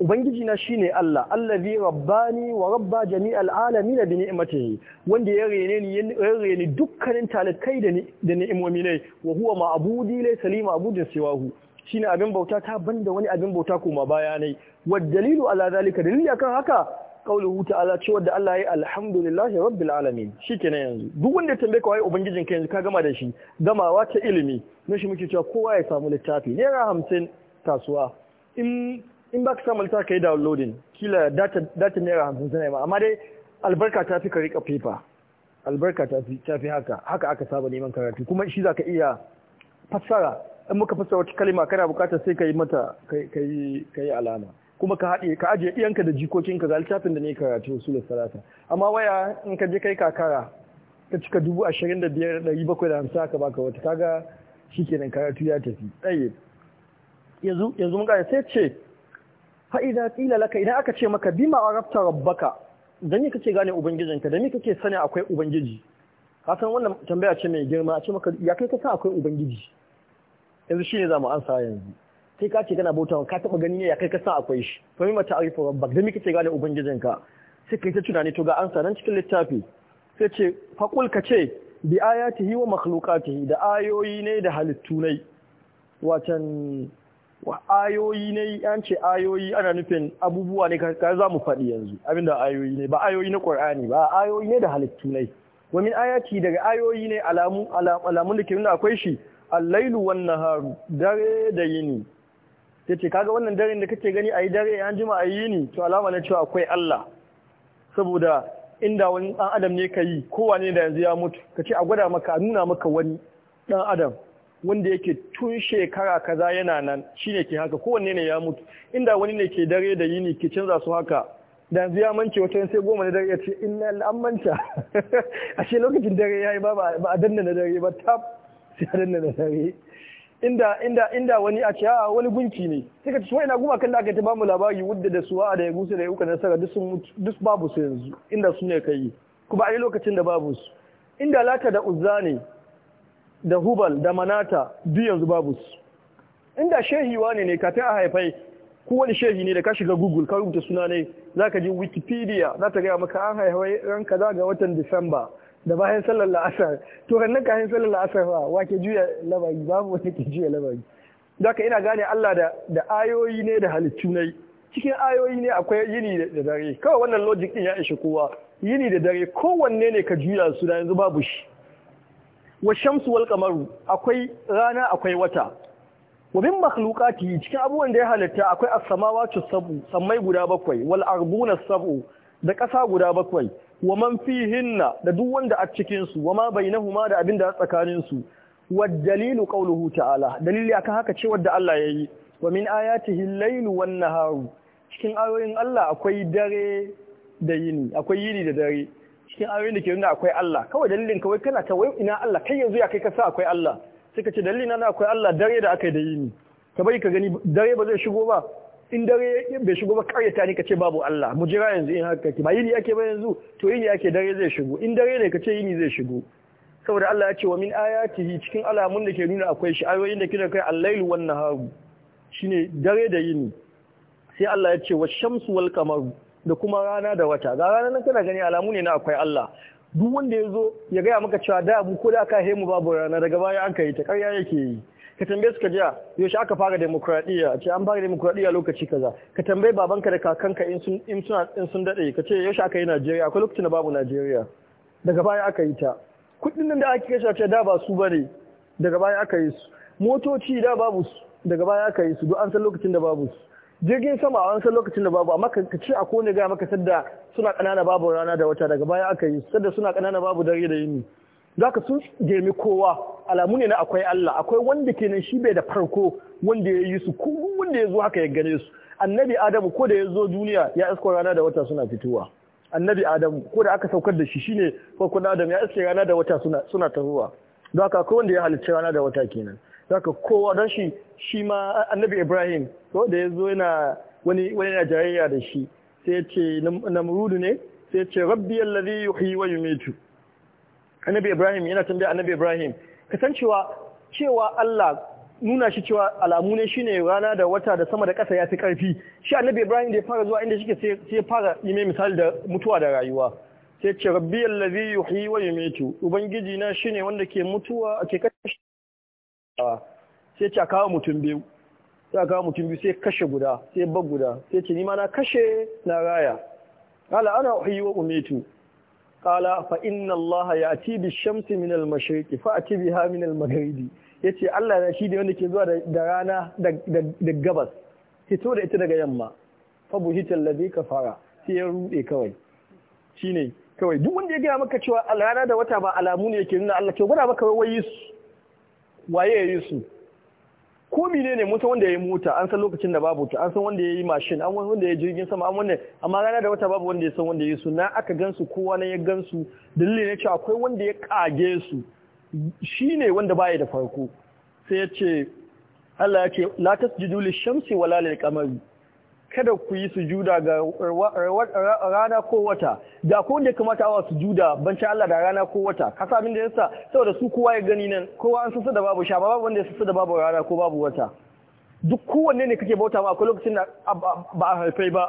Ubangiji na shine Allah, allazi rabbani wa rabba jami'al alamin bi ni'matihi, wanda ya rene ni ya rene dukkanin talakai da ni'imomi ne, wa huwa ma'budi laysa li ma'budin siwahu. Shine abin bauta ta banda wani abin bauta kuma baya ne. Wa dalilu ala zalika dalili akan haka qauluhu ta'ala cewa da Allah ya alhamdulillahi rabbil alamin. Shikenan yanzu. Duk wanda tambaye ka wai ubangijin ka yanzu ka gama da shi, gamawa ta ilimi. Mun shi muke cewa kowa ya samu littafi. Naira hamsin kasuwa. In in ba ka samu littafi ka yi downloading kila data naira hamsin sana ma amma dai albarka ta fi ka rika paper albarka ta fi haka haka aka saba neman karatu kuma shi za ka iya fassara in muka fassara wata kalima kana bukatar sai ka yi mata ka yi alama kuma ka haɗe ka ajiye iyanka da jikokinka ga littafin da ne karatu su da salata amma waya in ka je kai kakara ka cika dubu ashirin da biyar ɗari bakwai da hamsin aka baka wata kaga shikenan karatu ya tafi ɗaya yanzu yanzu mun sai ce fa'iza ƙila laka idan aka ce maka bima a rafta rabbaka don yi kake gane ubangijinka da mi kake sani akwai ubangiji kasan wannan tambaya ce mai girma a ce maka ya kai kasa akwai ubangiji yanzu shi ne za mu ansa yanzu kai ka ce kana bauta ka taɓa gani ne ya kai kasa akwai shi fa mi mata arifa rabba da mi kake gane ubangijinka sai kai ta tunani to ga ansa nan cikin littafi sai ce faƙul ka ce bi ayatihi wa makhluqatihi da ayoyi ne da halittu ne watan wa ayoyi ne an ce ayoyi ana nufin abubuwa ne ka za mu faɗi yanzu abinda ayoyi ne ba ayoyi na ƙur'ani ba ayoyi ne da halittu ne wa min ayati daga ayoyi ne alamun da ke nuna akwai shi al-lailu wan dare da yini yace kaga wannan daren da kake gani a yi dare an jima ayi yini to alama na cewa akwai Allah saboda inda wani dan adam ne kai kowa ne da yanzu ya mutu kace a gwada maka a nuna maka wani ɗan adam wanda yake tun shekara kaza yana nan shine ke haka kowanne ne ya mutu inda wani ne ke dare da yini ke canza su haka da ya mance wata sai goma na dare ya ce inna an manta ashe lokacin dare yayi ba ba a danna na dare ba tab sai a danna na dare inda inda inda wani a ce a wani gunki ne sai ka ci wai na guma kan da aka ta bamu labari wudda da suwa da ya gusa da ya uka nasara duk sun duk babu su yanzu inda su ne kai kuma yi lokacin da babu su inda lata da uzza ne da hubal da manata duk yanzu babu su inda shehi wane ne kafin a haifai kowane shehi ne da ka shiga google ka rubuta suna ne za ka ji wikipedia za ta gaya maka an haifai ran kaza ga watan disamba da bayan sallar la'asar to ka kayan sallar la'asar ba wa ke juya labari babu ke juya labari za ina gane allah da ayoyi ne da halittu cikin ayoyi ne akwai yini da dare kawai wannan logic din ya ishe kowa yini da dare kowanne ne ka juya su da yanzu babu shi wa shamsu wal akwai rana akwai wata wa min makhluqati cikin abubuwan da ya halitta akwai as-samawati sab'u sammai guda bakwai wal arbuna sab'u da ƙasa guda bakwai wa man fihinna da duk wanda a cikin su wa ma bainahuma da abin da a tsakanin su wa dalilu qawluhu ta'ala dalili akan haka ce wanda Allah yayi wa min ayatihi al-lailu wan naharu cikin ayoyin Allah akwai dare da yini akwai yini da dare cikin ayoyin da ke nuna akwai Allah kawai dalilin kawai kana ta wai ina Allah kai yanzu ya kai ka sa akwai Allah sai ka ce dalilin na akwai Allah dare da aka yi da yini ka bari ka gani dare ba zai shigo ba in dare bai shigo ba karyata ne ka ce babu Allah mu jira yanzu in haka ba yini ake ba yanzu to yini ake dare zai shigo in dare ne ka ce yini zai shigo saboda Allah ya ce wa min ayatihi cikin alamun da ke nuna akwai shi ayoyin da kina kai al-lailu wan nahar shine dare da yini sai Allah ya ce wa shamsu wal qamaru da kuma rana da wata ga rana nan kana gani alamu ne na akwai Allah duk wanda ya zo ya gaya maka cewa da mu ko da aka haihu mu babu rana daga baya an kai ta karya yake yi ka tambaye su ka jiya ah, yaushe aka fara demokradiyya ce an fara demokradiyya lokaci kaza ka tambaye babanka da kakanka in sun in sun dade ka ce yaushe aka yi Najeriya akwai lokacin da babu Najeriya daga baya aka yi ta kudin nan da ake kashe ce da ba su bane daga baya aka yi su motoci da babu su daga baya aka yi su duk an san lokacin da babu su jirgin sama a wancan lokacin da babu amma ka ci a kone gaya maka sadda suna kanana babu rana da wata daga baya aka yi sadda suna kanana babu dare da yini za ka sun girmi kowa alamu ne na akwai Allah akwai wanda kenan shi bai da farko wanda ya yi su ko wanda ya zo haka ya gane su annabi adamu ko da ya zo duniya ya iska rana da wata suna fitowa annabi adamu ko da aka saukar da shi shine farkon adam ya iske rana da wata suna suna za ka akwai wanda ya halicci rana da wata kenan saka kowa don shi shi ma annabi ibrahim ko da ya zo yana wani wani yana jayayya da shi sai ya ce namrudu ne sai ya ce rabbi allazi yuhyi wa yumitu annabi ibrahim yana tambaya annabi ibrahim kasancewa cewa Allah nuna shi cewa alamu ne shine rana da wata da sama da ƙasa ya fi ƙarfi shi annabi ibrahim da ya fara zuwa inda shike sai ya fara yi mai misali da mutuwa da rayuwa sai ce rabbi allazi yuhyi wa yumitu ubangiji na shine wanda ke mutuwa ke kashe sai ce a kawo mutum biyu sai a kawo mutum biyu sai kashe guda sai bar guda sai ce ni ma na kashe na raya qala ana uhyi wa umitu qala fa inna Allah ya'ti bi shamsi min al-mashriqi fa ati biha min al-maghribi yace Allah na shi ne wanda ke zuwa da rana da gabas fito da ita daga yamma fa buhita alladhi kafara sai ya rude kawai shine kawai duk wanda ya gaya maka cewa rana da wata ba alamu ne yake nuna Allah ke gwada maka wayi su waye ya yi su ko mine ne mutum wanda ya yi mota an san lokacin da babu ta an san wanda ya yi mashin an wanda ya jirgin sama an wanda amma rana da wata babu wanda ya san wanda ya yi su na aka gansu kowa na ya gansu dalilin ya ce akwai wanda ya kage su shi ne wanda baya da farko sai ya ce Allah ya ce la tasjudu lishamsi wala lil qamari kada ku yi sujuda ga rana ko wata da ko wanda kamata awa sujuda bancin Allah da rana ko wata sa min da yasa saboda su kowa ya gani nan kowa an sassa da babu sha babu wanda ya sassa da babu rana ko babu wata duk kowanne ne kake bauta ma akwai lokacin da ba a haifai ba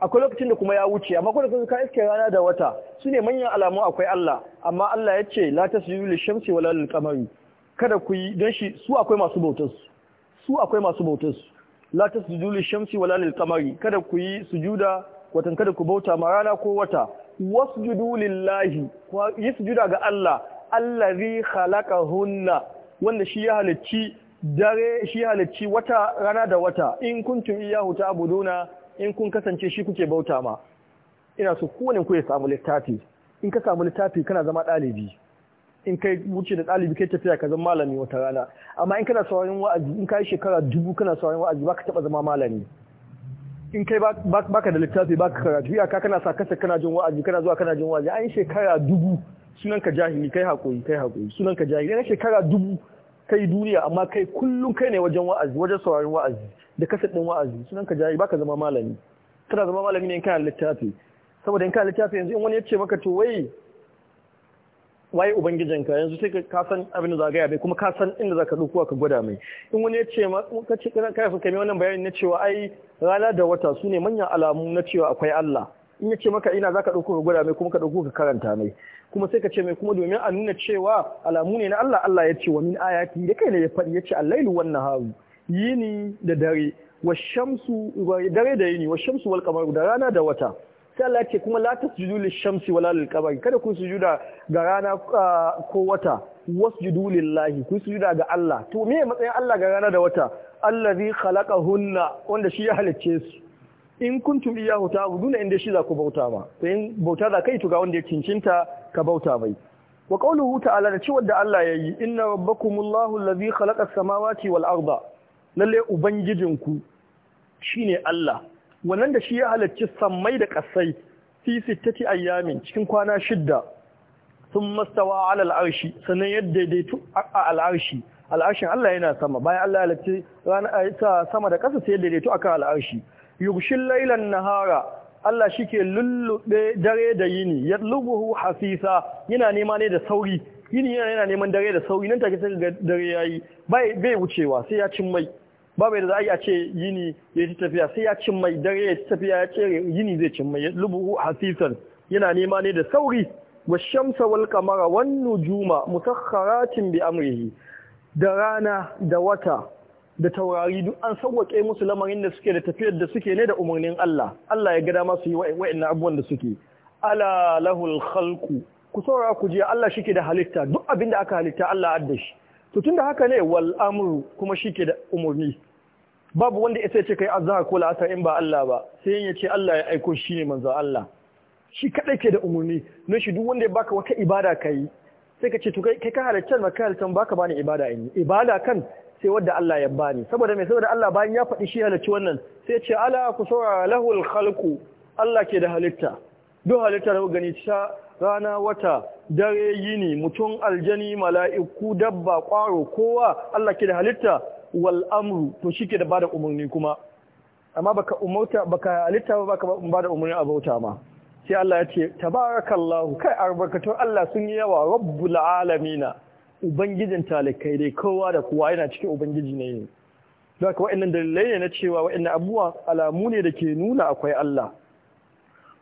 akwai lokacin da kuma ya wuce amma kuma da ka iske rana da wata su ne manyan alamu akwai Allah amma Allah ya ce la tasjudu lishamsi wala lilqamari kada ku yi dan shi su akwai masu bautar su akwai masu bautar la tasjudu lishamsi wala lilqamari kada ku yi sujuda watan kada ku bauta ma rana ko wata wasjudu lillahi yi sujuda ga Allah allazi khalaqahunna wanda shi ya halicci dare shi halicci wata rana da wata in kuntum iyyahu ta'buduna in kun kasance shi kuke bauta ma ina so kowane ku ya samu littafi in ka samu littafi kana zama ɗalibi in kai wuce da ɗalibi kai tafiya ka zama malami wata rana amma in kana sauraron wa'azi in kai shekara dubu kana sauraron wa'azi baka taba zama malami in kai baka da littafi baka karatu ya ka kana sa kasa kana jin wa'azi kana zuwa kana jin wa'azi an shekara dubu sunan ka jahili kai hakuri kai hakuri sunan ka jahili na shekara dubu kai duniya amma kai kullum kai ne wajen wa'azi wajen sauraron wa'azi da kasar din wa'azi sunan ka jahili baka zama malami kana zama malami ne in kana littafi saboda in kana littafi yanzu in wani ya ce maka to wai waye ubangijinka yanzu sai ka san abin da za ga yabe kuma ka san inda za ka dukuwa ka gwada mai in wani ya ce ma ka ce ka kai fa kai wannan bayani na cewa ai rana da wata su ne manyan alamu na cewa akwai Allah in ya ce maka ina za ka dauko ka gwada mai kuma ka dauko ka karanta mai kuma sai ka ce mai kuma domin a nuna cewa alamu ne na Allah Allah ya ce wa min ayati da kai ne ya faɗi ya ce al-lailu wan naharu yini da dare wa shamsu dare da yini wa shamsu wal qamaru da rana da wata sai Allah ce kuma la tasjudu lishamsi wala lilqamari kada ku sujuda ga rana ko wata wasjudu lillahi ku sujuda ga Allah to me matsayin Allah ga rana da wata allazi khalaqahunna wanda shi ya halicce su in kuntum iyyahu ta'buduna inda shi za ku bauta ma to in bauta za kai to ga wanda ya cincinta ka bauta mai wa qawluhu ta'ala da cewa da Allah yayi inna rabbakumullahu allazi khalaqa samawati wal arda lalle ubangijinku shine Allah wannan da shi ya halarci sammai da ƙasai fi sittati ayyamin cikin kwana shidda sun mastawa ala al'arshi sannan ya daidaitu a al'arshi al'arshin Allah yana sama bayan Allah halarci ranar sama da ƙasa sai ya daidaitu akan al'arshi yubshin lailan nahara Allah shi ke lullube dare da yini ya lubuhu hafisa yana nema ne da sauri yini yana neman dare da sauri nan take sai ga dare yayi bai bai wucewa sai ya cin mai babu yadda za a yi a ce yini ya ci tafiya sai ya cin mai dare ya ci tafiya ya ce yini zai cin mai lubuhu hasisan yana nema ne da sauri wa shamsa wal kamara wan nujuma musakharatin bi amrihi da rana da wata da taurari duk an sauwake musu lamarin da suke da tafiyar da suke ne da umarnin Allah Allah ya gada masu su yi wa'annan abubuwan da suke ala lahul khalqu ku saurara ku je Allah shike da halitta duk abin da aka halitta Allah addashi. shi to tunda haka ne wal amru kuma shike da umarni babu wanda ya ce kai azhar ko la'asar in ba Allah ba sai in yace Allah ya aiko shi ne manzo Allah shi kadai ke da umurni don shi duk wanda ya baka wata ibada kai sai ka ce to kai ka ma maka halartar baka bani ibada in yi ibada kan sai wadda Allah ya bani saboda me saboda Allah bayan ya faɗi shi halacci wannan sai ya ce ala ku saura lahul khalqu Allah ke da halitta duk halitta da gani ta rana wata dare yini mutum aljani mala'iku dabba kwaro kowa Allah ke da halitta wal amru to shike da bada umarni kuma amma baka umarta baka halitta ba baka bada umarni a bauta ma sai Allah ya ce tabarakallahu kai albarkatun Allah sun yi yawa rabbul alamina ubangijin talikai dai kowa da kowa yana cikin ubangiji ne ne. Zaka wa'annan dalilai ne na cewa wa'annan abubuwa alamu ne da ke nuna akwai Allah.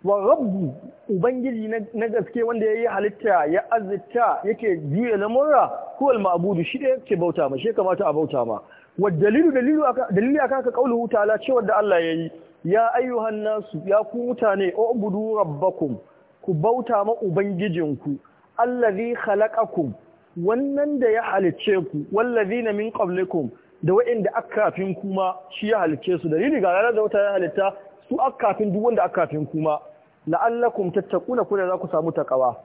wa rabbu ubangiji na gaske wanda ya yi halitta ya azita yake juya lamurra huwal ma'budu shi da yake bauta ma shi kamata a bauta ma wa dalilu dalilu aka dalili aka ka kaulu ta'ala cewa da Allah ya yi ya ayyuhan nasu ya ku mutane o budu rabbakum ku bauta ma ubangijinku allazi khalaqakum wannan da ya halicce ku wallazina min qablikum da wa'inda aka kafin kuma shi ya halicce su dalili ga ranar da wata ya halitta su akafin duk wanda kafin kuma la'allakum tattaquna kuna za ku samu takawa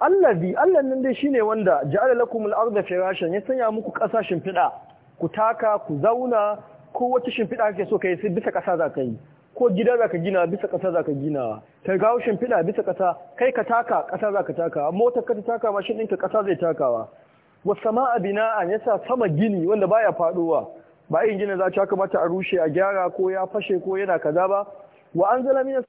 allazi allah nan dai shine wanda ja'ala lakum al-ardha firashan ya sanya muku ƙasa shimfiɗa ku taka ku zauna ko wata shimfiɗa kake so kai sai bisa ƙasa za ka yi ko gida za ka gina bisa ƙasa za ka gina kai gawo shimfiɗa bisa ƙasa kai ka taka ƙasa za ka taka mota ka taka mashin ɗinka ƙasa zai takawa wasu sama'a bina'an yasa sama gini wanda baya faɗowa ba yin gina za ta kamata a rushe a gyara ko ya fashe ko yana kaza ba wa anzala minas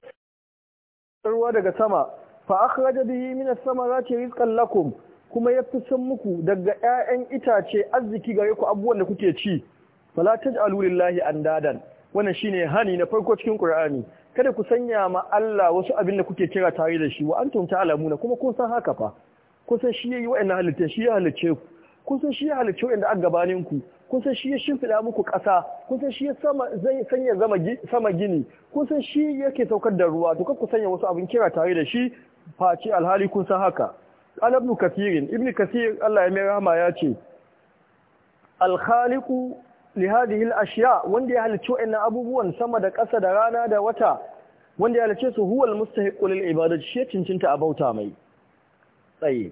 ruwa daga sama fa akhraja bihi sama as-samarati rizqan lakum kuma ya san muku daga 'ya'yan itace arziki gare ku abubuwan da kuke ci fala al'ulillahi lillahi andadan wannan shine hani na farko cikin ƙur'ani. kada ku sanya ma Allah wasu abin da kuke kira tare da shi wa antum ta'lamuna kuma kun san haka fa kun san shi yayi wa'annan halitta shi ya halicce ku kun san shi ya halicce wa'anda kun san shi ya shimfiɗa muku ƙasa kun san shi ya sanya sama gini kun san shi yake saukar da ruwa to ku sanya wasu abin kira tare da shi face alhali kun san haka qala ibn kasir ibn Allah ya mai rahama ya ce al khaliqu li hadhihi al wanda ya halarci wa'annan abubuwan sama da ƙasa da rana da wata wanda ya halicce su huwal mustahiqu lil ibadati shi cincinta a bauta mai tsaye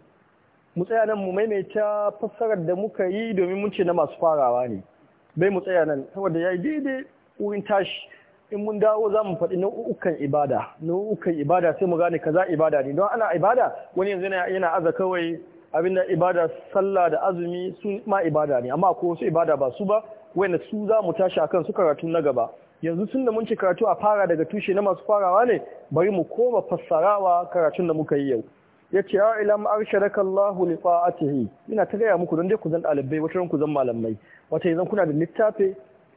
mu tsaya nan mu maimaita fassarar da muka yi domin mun ce na masu farawa ne bai mu tsaya nan saboda ya yi daidai wurin tashi in mun dawo za mu faɗi nau'ukan ibada nau'ukan ibada sai mu gane kaza ibada ne don ana ibada wani yanzu yana aza kawai abinda ibada sallah da azumi su ma ibada ne amma ko wasu ibada ba su ba wanda su za mu tashi akan su karatu na gaba yanzu tun da mun ci karatu a fara daga tushe na masu farawa ne bari mu koma fassarawa karatun da muka yi yau ya yace ya ilam arshadaka Allah li ta'atihi ina ta gaya muku don dai ku zan dalibai wata ran ku zan malamai wata yanzu kuna da littafi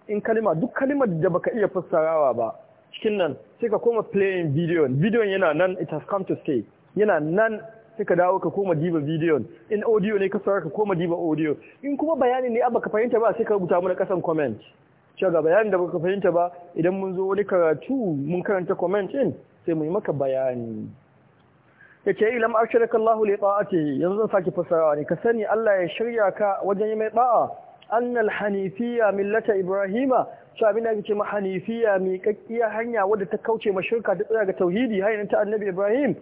in kalima duk kalimar da baka iya fassarawa ba cikin nan sai ka koma playing video video yana nan it has come to stay yana nan sai ka dawo ka koma diba video in audio ne ka saurara ka koma diba audio in kuma bayani ne abba ka fahimta ba sai ka rubuta mana kasan comment cewa ga bayanin da baka fahimta ba idan mun zo wani karatu mun karanta comment din sai mu yi maka bayani ya ce ilam ashirka Allah li ta'atihi yanzu zan sake fassarawa ne ka sani Allah ya shirya ka wajen yi mai ba'a annal hanifiya millata ibrahima shi abin da yake ma hanifiya mai kakkiya hanya wadda ta kauce ma shirka ta tsaya ga tauhidi hanyar ta annabi ibrahim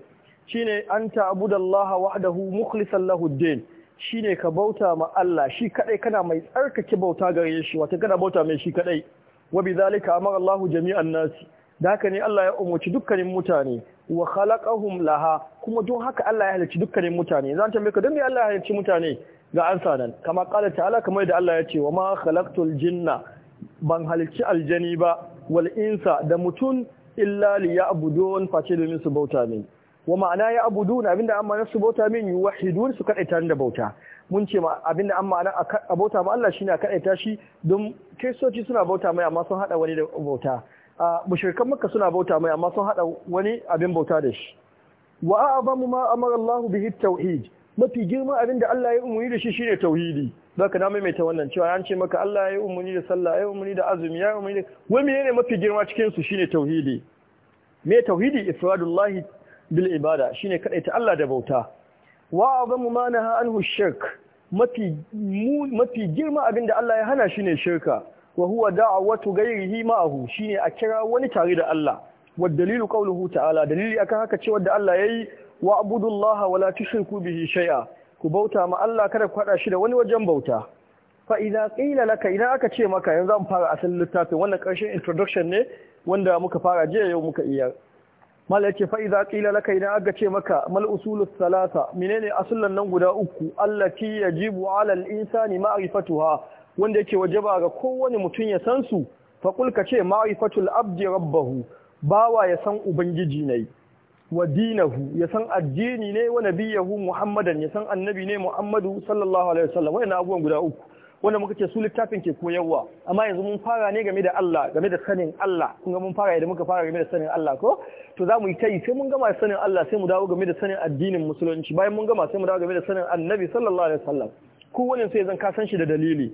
ne an ta'budallaha wahdahu mukhlishan lahu ad Shi ne ka bauta ma Allah shi kadai kana mai tsarkake bauta gare shi wata kana bauta mai shi kadai wa zalika amara Allah jami'an nasi da haka ne Allah ya umarci dukkanin mutane wa khalaqahum laha kuma don haka Allah ya halicci dukkanin mutane zan tambaye ka don me Allah ya halicci mutane ga ansa nan kama qala ta'ala kamar da Allah ya ce wa ma khalaqtul jinna ban halarci aljani ba wal insa da mutun illa liya'budun face domin su bauta min wa ma'ana ya abinda amma na su bauta min yuwahidun su kadaita da bauta mun ce abinda amma na a bauta ma Allah shine a kadaita shi don kristoci suna bauta mai amma sun hada wani da bauta mushrikan makka suna bauta mai amma sun hada wani abin bauta da shi wa a'zamu ma amara Allah bihi tauhid mafi girman abin da Allah ya umarni da shi shine tauhidi zaka na maimaita wannan cewa an ce maka Allah ya umuni da sallah ya umuni da azumi ya umuni da wani ne mafi girma cikin su shine tauhidi me tauhidi ifradullahi bil ibada shine kadaita Allah da bauta wa azamu ma naha anhu shirk mafi mafi girma da Allah ya hana shine shirka wa huwa da'awatu ghayrihi ma'ahu shine a kira wani tare da Allah wa dalilu qawluhu ta'ala dalili akan haka cewa da Allah yayi wa abudullaha wala tushriku bihi shay'a ku bauta ma Allah kada ku hada shi da wani wajen bauta fa idza qila laka idan aka ce maka yanzu an fara asalin littafin wannan karshen introduction ne wanda muka fara jiya yau muka iya mala yace fa idza qila laka idan aka ce maka mal usulus salasa menene asullan nan guda uku allati yajibu ala al insani ma'rifatuha wanda yake wajaba ga kowane mutum ya san su faqul ka ce ma'ifatul abdi rabbahu bawa ya san ubangiji ne wa dinahu ya san addini ne wa nabiyahu muhammadan ya san annabi ne muhammadu sallallahu alaihi wasallam wannan abubuwan guda uku wanda muka ce su littafin ke koyarwa amma yanzu mun fara ne game da Allah game da sanin Allah kun ga mun fara idan muka fara game da sanin Allah ko to za mu yi tayi sai mun gama sanin Allah sai mu dawo game da sanin addinin musulunci bayan mun gama sai mu dawo game da sanin annabi sallallahu alaihi wasallam kowanne sai zan ka san shi da dalili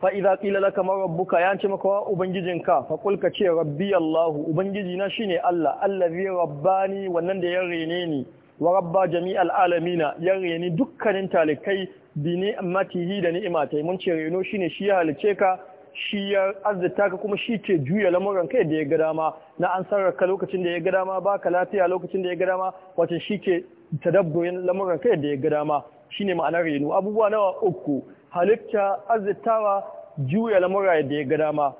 fa idza qila laka ma rabbuka ya ce maka wa ubangijinka fa qul ka ce rabbi allah ubangiji na shine allah allazi rabbani wannan da ya rene ni wa rabba jami'al alamina 'yan rene dukkanin talikai bi matihi da ni'matai mun ce reno shine shi ya halice ka shi ya azzata ka kuma shi ke juya lamuran kai da ya ga dama na an sarraka lokacin da ya ga dama baka lafiya lokacin da ya ga dama wato shi ke tadabburin lamuran kai da ya ga dama shine ma'anar reno abubuwa nawa uku halitta arzittawa juya lamura da ya ga dama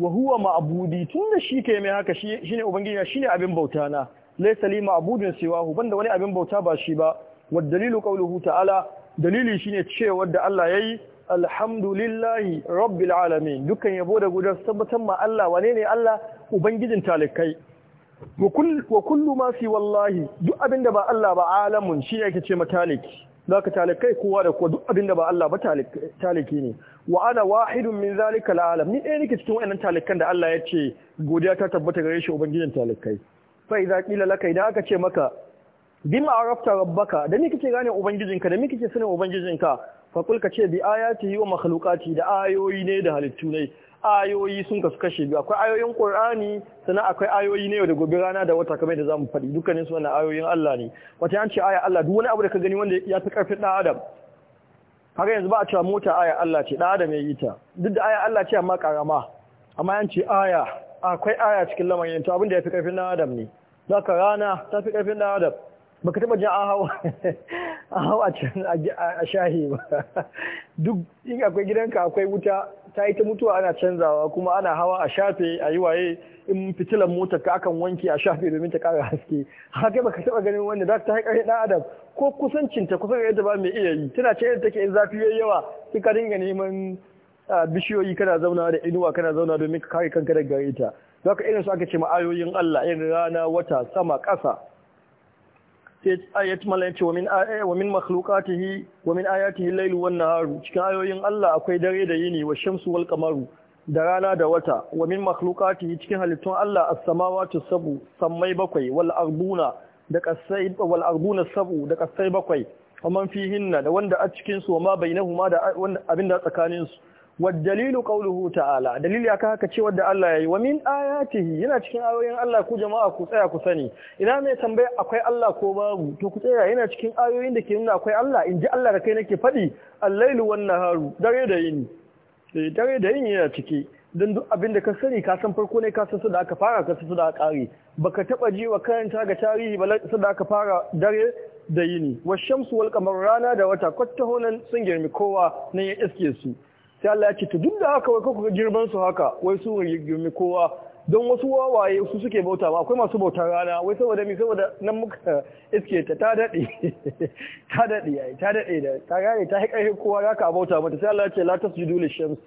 Wahuwa ma'abudi tun da shi ke mai haka shine ubangiji shine abin bauta na Lai li siwa siwahu banda wani abin bauta ba shi ba wa dalilu qawluhu ta'ala dalili shine cewa da Allah yayi alhamdulillahi rabbil alamin dukkan yabo da gudar tabbatar ma Allah wane ne Allah ubangijin talikai wa kullu ma fi wallahi duk abin da ba Allah ba alamun shi ne ake ce mataliki za ka talikai kowa da kowa duk abin da ba Allah ba taliki ne wa ana wahidun min zalika al'alam ni ɗaya nake cikin wayannan talikan da Allah ya ce godiya ta tabbata gare shi ubangijin talikai fa idza qila laka idan aka ce maka bima arafta rabbaka da ni kike gane ka da ni kike sanin ubangijinka fa kul ka ce bi ayati wa makhluqati da ayoyi ne da halittu ne ayoyi sun kasu kashe biyu akwai ayoyin qur'ani sannan akwai ayoyi na yau da gobe rana da wata kamar da zamu faɗi dukkanin su wannan ayoyin Allah ne wata yanci aya Allah duk wani abu da ka gani wanda ya fi karfin dan adam haka yanzu ba a cewa mota aya Allah ce dan adam ya yi ta duk da aya Allah ce amma karama amma yanci aya akwai aya cikin lamarin to abin da ya fi karfin dan adam ne zaka rana ta fi karfin dan adam baka taba jin an hawa a hawa can a shahi ba duk in akwai gidanka akwai wuta ta yi ta mutuwa ana canzawa kuma ana hawa a shafe a yi waye in fitilan motar ka akan wanke a shafe domin ta kara haske haka baka taba ganin wanda za ta haƙa ɗan adam ko kusancin ta kusan yadda ba mai iya yi tana ce yadda take in zafi yayi yawa sai ka dinga neman bishiyoyi kana zauna da inuwa kana zauna domin ka kare kanka daga gare ta zaka irin su aka ce ma ayoyin Allah irin rana wata sama ƙasa sai ayat mala yace wamin wamin makhluqatihi wamin ayatihi al-lailu wan naharu cikin ayoyin Allah akwai dare da yini wa shamsu wal qamaru da rana da wata wamin makhluqatihi cikin halittun Allah as-samawati sabu sammai bakwai wal arduna da kasai wal arduna sabu da kasai bakwai wa man fihinna da wanda a cikin su ma bainahuma da wanda abinda tsakanin su والدليل قوله تعالى دليل aka haka ce wanda Allah yayi wa min ayatihi yana cikin ayoyin Allah ku jama'a ku tsaya ku sani ina mai tambaya akwai Allah ko babu to ku tsaya yana cikin ayoyin da ke nuna akwai Allah in ji Allah da kai nake faɗi al-lailu wan naharu dare da yini Eh dare da yini yana ciki dan duk abin da ka sani ka san farko ne ka san su da aka fara ka san su da aka kare baka taba ji wa karanta ga tarihi ba su da aka fara dare da yini wa shamsu wal qamar rana da wata honan sun girmi kowa nan ya iske su sai Allah ya ce to duk da haka wai kuka girman su haka wai su girmi kowa don wasu wawaye su suke bauta ba akwai masu bautar rana wai saboda mi saboda nan muka iske ta ta dade ta dade ai ta dade da ta gane ta haƙa kowa ka bauta mata sai Allah ya ce la tasjudu lishams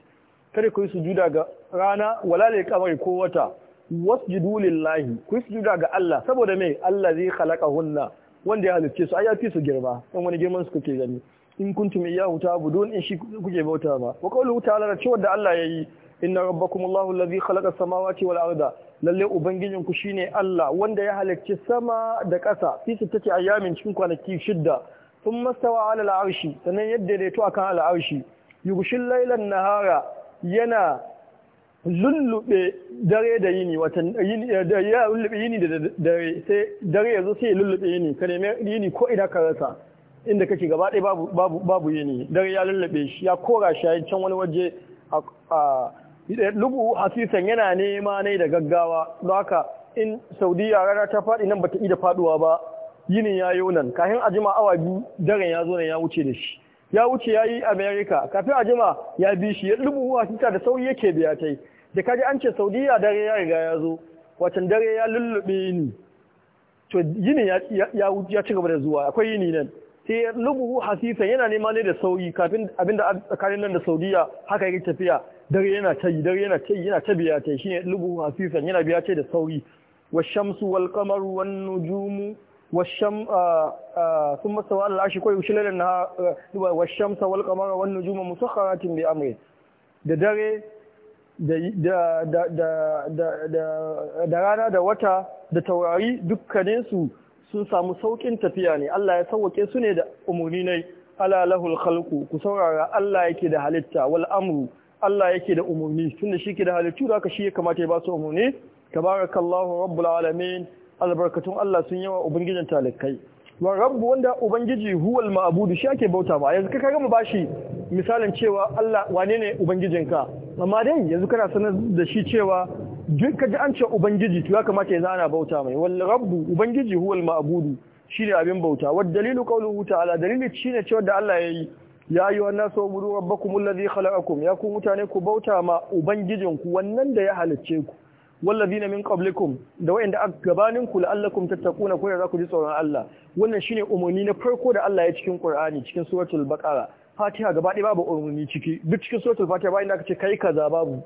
kada ku yi sujuda ga rana wala lil qamari ko wata wasjudu lillahi ku yi sujuda ga Allah saboda me Allah zai hunna, wanda ya halicce su ai su girma dan wani girman su kuke gani in kuntum iyyahu ta'budun in shi kuke bauta ba wa qawluhu ta'ala da cewa da Allah yayi inna rabbakum Allahu alladhi khalaqa samawati wal arda lalle ubangijin ku shine Allah wanda ya halakci sama da ƙasa fi a yamin cikin kwanaki shidda Sun mastawa 'ala al-arshi sannan yadda to akan al'arshi arshi yughshil layla nahara yana lullube dare da yini watan eh, ya lullube yini da dare sai dare yazo sai lullube yini ka nemi yini ko ina ka rasa inda kake gaba ɗaya babu babu babu yini dare ya lullube shi ya kora shi ya can wani waje a lubu hasisan yana nema ne da gaggawa don haka in saudiya rana ta faɗi nan bata ida faɗuwa ba yinin ya yi nan kafin a jima awa biyu daren ya zo nan ya wuce da shi ya wuce ya yi america kafin a jima ya bi shi ya lubu hasisa da sauri yake biya ta yi da kaji an ce saudiya dare ya riga ya zo watan dare ya lullube ni to yini ya ci gaba da zuwa akwai yini nan sai ya lubuhu hasisa yana nema ne da sauri kafin abinda a tsakanin nan da saudiya haka yake tafiya dare yana ta dare yana ta yana ta biya ta shine lubuhu hasisa yana biya ce da sauri wa shamsu wal qamaru wan nujumu والشم ثم استوى على wa shamsu wal النهار wan nujumu musakhkharatin bi amri da dare da rana da wata da taurari dukkaninsu sun samu saukin tafiya ne Allah ya sauke su ne da umurni ne ala lahul khalqu ku saurara Allah yake da halitta wal amru Allah yake da umurni tunda shi ke da halittu da shi ya kamata ya ba su umurni tabarakallahu rabbul alamin albarkatun Allah sun yawa ubangijin talakai. wa rabbu wanda ubangiji huwal ma'budu shi ake bauta ba yanzu ka kaga mu bashi misalin cewa Allah wane ne ubangijinka amma dai yanzu kana sanar da shi cewa duk ka ji an ce ubangiji to ya kamata ya zana bauta mai wal rabbu ubangiji huwal ma'budu shine abin bauta wad dalilu qawluhu ta'ala dalili shine cewa da Allah yayi ya yi wa nasu budu rabbakumul ladhi khalaqakum ya ku mutane ku bauta ma ubangijin ku. wannan da ya halicce ku wallazina min qablikum da wayanda aka gabanin ku la'allakum tattaquna ko za ku ji tsoron Allah wannan shine umarni na farko da Allah ya cikin Qur'ani cikin suratul Baqara Fatiha gaba ɗaya babu umarni ciki duk cikin suratul Fatiha ba inda aka ce kai kaza babu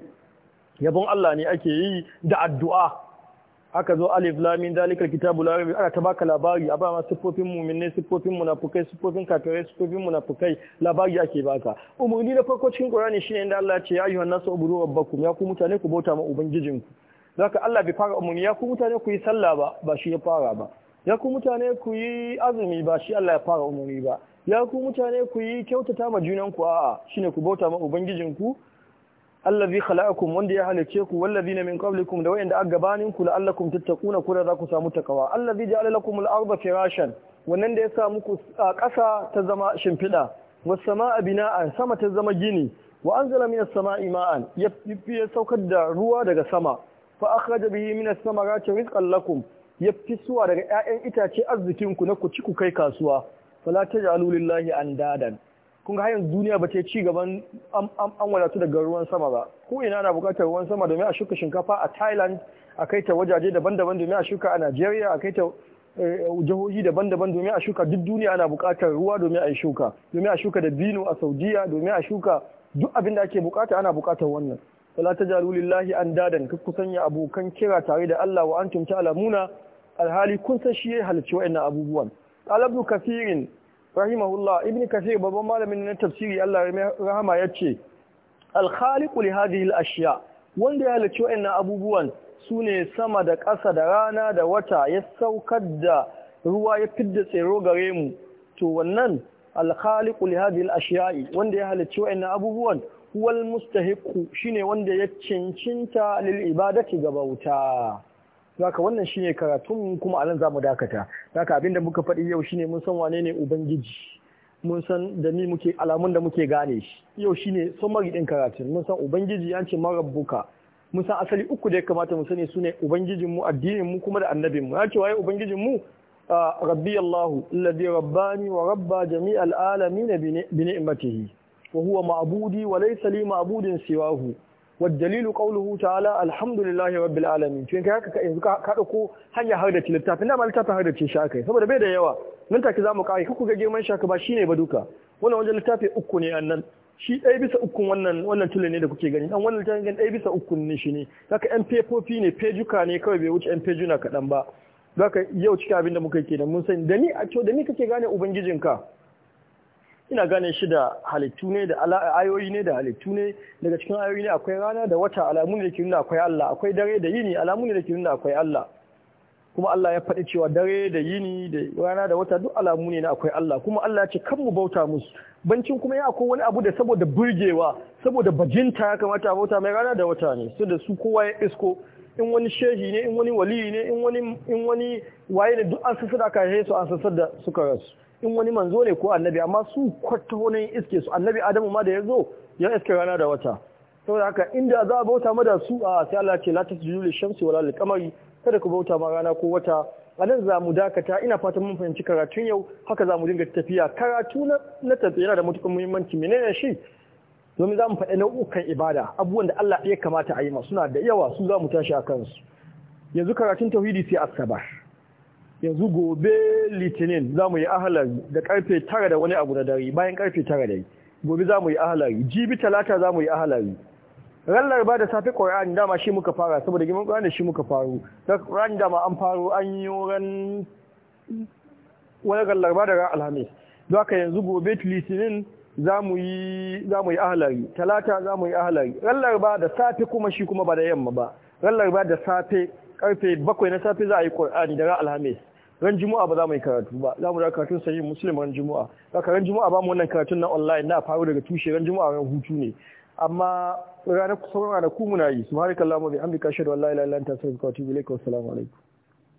yabon Allah ne ake yi da addu'a aka zo alif lamin dalikal kitabu la raiba ta baka labari a ba ma siffofin mu'minai siffofin munafukai siffofin kafirai siffofin munafukai labari ake baka umarni na farko cikin qur'ani shine inda Allah ya ce ya ayyuhan nasu ubudu rabbakum ya ku mutane ku bauta ma ubangijinku zaka Allah bai fara umarni ya ku mutane ku yi sallah ba ba shi ya fara ba ya ku mutane ku yi azumi ba shi Allah ya fara umarni ba ya ku mutane ku yi kyautata ma junanku a'a shine ku bauta ma ubangijinku allazi khalaqakum wanda ya halice ku wallazina min qablikum da wayanda aka gabanin ku la'allakum tattaquna ku da za ku samu takawa allazi ja'ala lakum al-ardha firashan wannan da ya sa muku ƙasa ta zama shimfiɗa was samaa bina'a sama ta zama gini wa anzala minas sama'i ma'an ya saukar da ruwa daga sama fa akhraja bihi minas samarati rizqan lakum ya suwa daga 'ya'yan itace arzikinku na ku ci ku kai kasuwa fala taj'alu lillahi andadan kun ga yanzu duniya ba ta ci gaban an wadatu daga ruwan sama ba ko ina na bukatar ruwan sama domin a shuka shinkafa a Thailand a kai ta wajaje daban-daban domin a shuka a nigeria a kai ta eh, jihohi daban-daban domin a shuka duk duniya ana bukatar ruwa domin a shuka domin a shuka da bino a Saudiya domin a shuka duk abin da ake bukata ana bukatar wannan wala jalu lillahi an dadan kusan ya abokan kira tare da Allah wa antum alamuna alhali kun san shi ya halarci wa'annan abubuwan alabnu kafirin rahimahullah ibn kathir babban malamin na tafsiri Allah ya rahama yace al ashiya li hadhihi al-ashya wanda ya halarci wannan abubuwan sune sama da ƙasa da rana da wata ya saukar da ruwa ya fidda tsero gare mu to wannan al-khaliqu li hadhihi al-ashya'i wanda ya halarci wayannan abubuwan huwal mustahiqu shine wanda ya cincinta lil ibadati ga bauta haka wannan shine karatun kuma a nan za mu dakata haka abinda muka faɗi yau shine mun san wane ne ubangiji mun san da ni muke alamun da muke gane shi yau shine summary din karatun mun san ubangiji an ce marabbuka mun san asali uku da ya kamata mu sani sune ubangijin mu addinin mu kuma da annabin mu ya ce waye ubangijin mu rabbi Allahu alladhi rabbani wa rabba jami'al alamin bi ni'matihi wa huwa ma'budi wa laysa li ma'budin siwahu والدليل قوله تعالى الحمد لله رب العالمين kin kai haka yanzu ka dauko hanya har da littafin na ma littafin har da ce shaka saboda bai da yawa nan take zamu kai kuku ga girman shaka ba shine ba duka wannan wajen littafi uku ne annan shi ɗaya bisa ukun wannan wannan tule ne da kuke gani dan wannan littafin gani ɗaya bisa ukun ne shi ne haka yan fefofi ne pejuka ne kawai bai wuce yan pejuna kaɗan ba zaka yau cikin abin da muka yi kenan mun sani da ni a da ni kake gane ubangijinka ina gane shi da halittu ne da ayoyi ne da halittu ne daga cikin ayoyi ne akwai rana da wata alamu ne da ke nuna akwai Allah akwai dare da yini alamu ne da ke nuna akwai Allah kuma Allah ya faɗi cewa dare da yini da rana da wata duk alamu ne na akwai Allah kuma Allah ya ce kan mu bauta musu bancin kuma ya akwai wani abu da saboda burgewa saboda bajinta ya kamata bauta mai rana da wata ne su da su kowa ya isko in wani shehi ne in wani waliyi ne in wani waye ne duk an sassada ka su an sassada suka rasu in wani manzo ne ko annabi amma su kwata wani iske su annabi adamu ma da ya zo ya iske rana da wata saboda haka inda za a bauta ma da su a sai Allah ce la tasjudu lil shamsi wala lil kada ku bauta ma rana ko wata a nan za mu dakata ina fatan mun fahimci karatun yau haka za mu dinga tafiya karatu na na tafiya yana da matukar muhimmanci menene shi domin za mu faɗi nau'ukan ibada abubuwan da Allah ya kamata a yi ma suna da yawa su za mu tashi a kansu yanzu karatun tauhidi sai asabar yanzu gobe litinin za mu yi ahalari da karfe tara da wani abu na dare bayan karfe tara da yi. gobe za mu yi ahalari jibi talata za mu yi ahalari ran laraba da safe ƙwar'an dama shi muka fara saboda girman da shi muka faru ƙwar'an dama an faru an yi ran wani ran laraba da ran alhamis Za ka yanzu gobe litinin za mu yi ahalari talata za mu yi ahalari ran laraba da safe kuma shi kuma ba da yamma ba ran laraba da safe karfe bakwai na safe za a yi ƙwar'ani da ran alhamis ran juma'a ba za mu yi karatu ba za mu da karatun sahihin muslim ran juma'a ka ran juma'a ba mu wannan karatun na online na faru daga tushe ran juma'a ran hutu ne amma ranar da kuma muna yi su harika ashhadu an bi kashe da wallahi astaghfiruka sai zuwa ilaik wa Salamu alaikum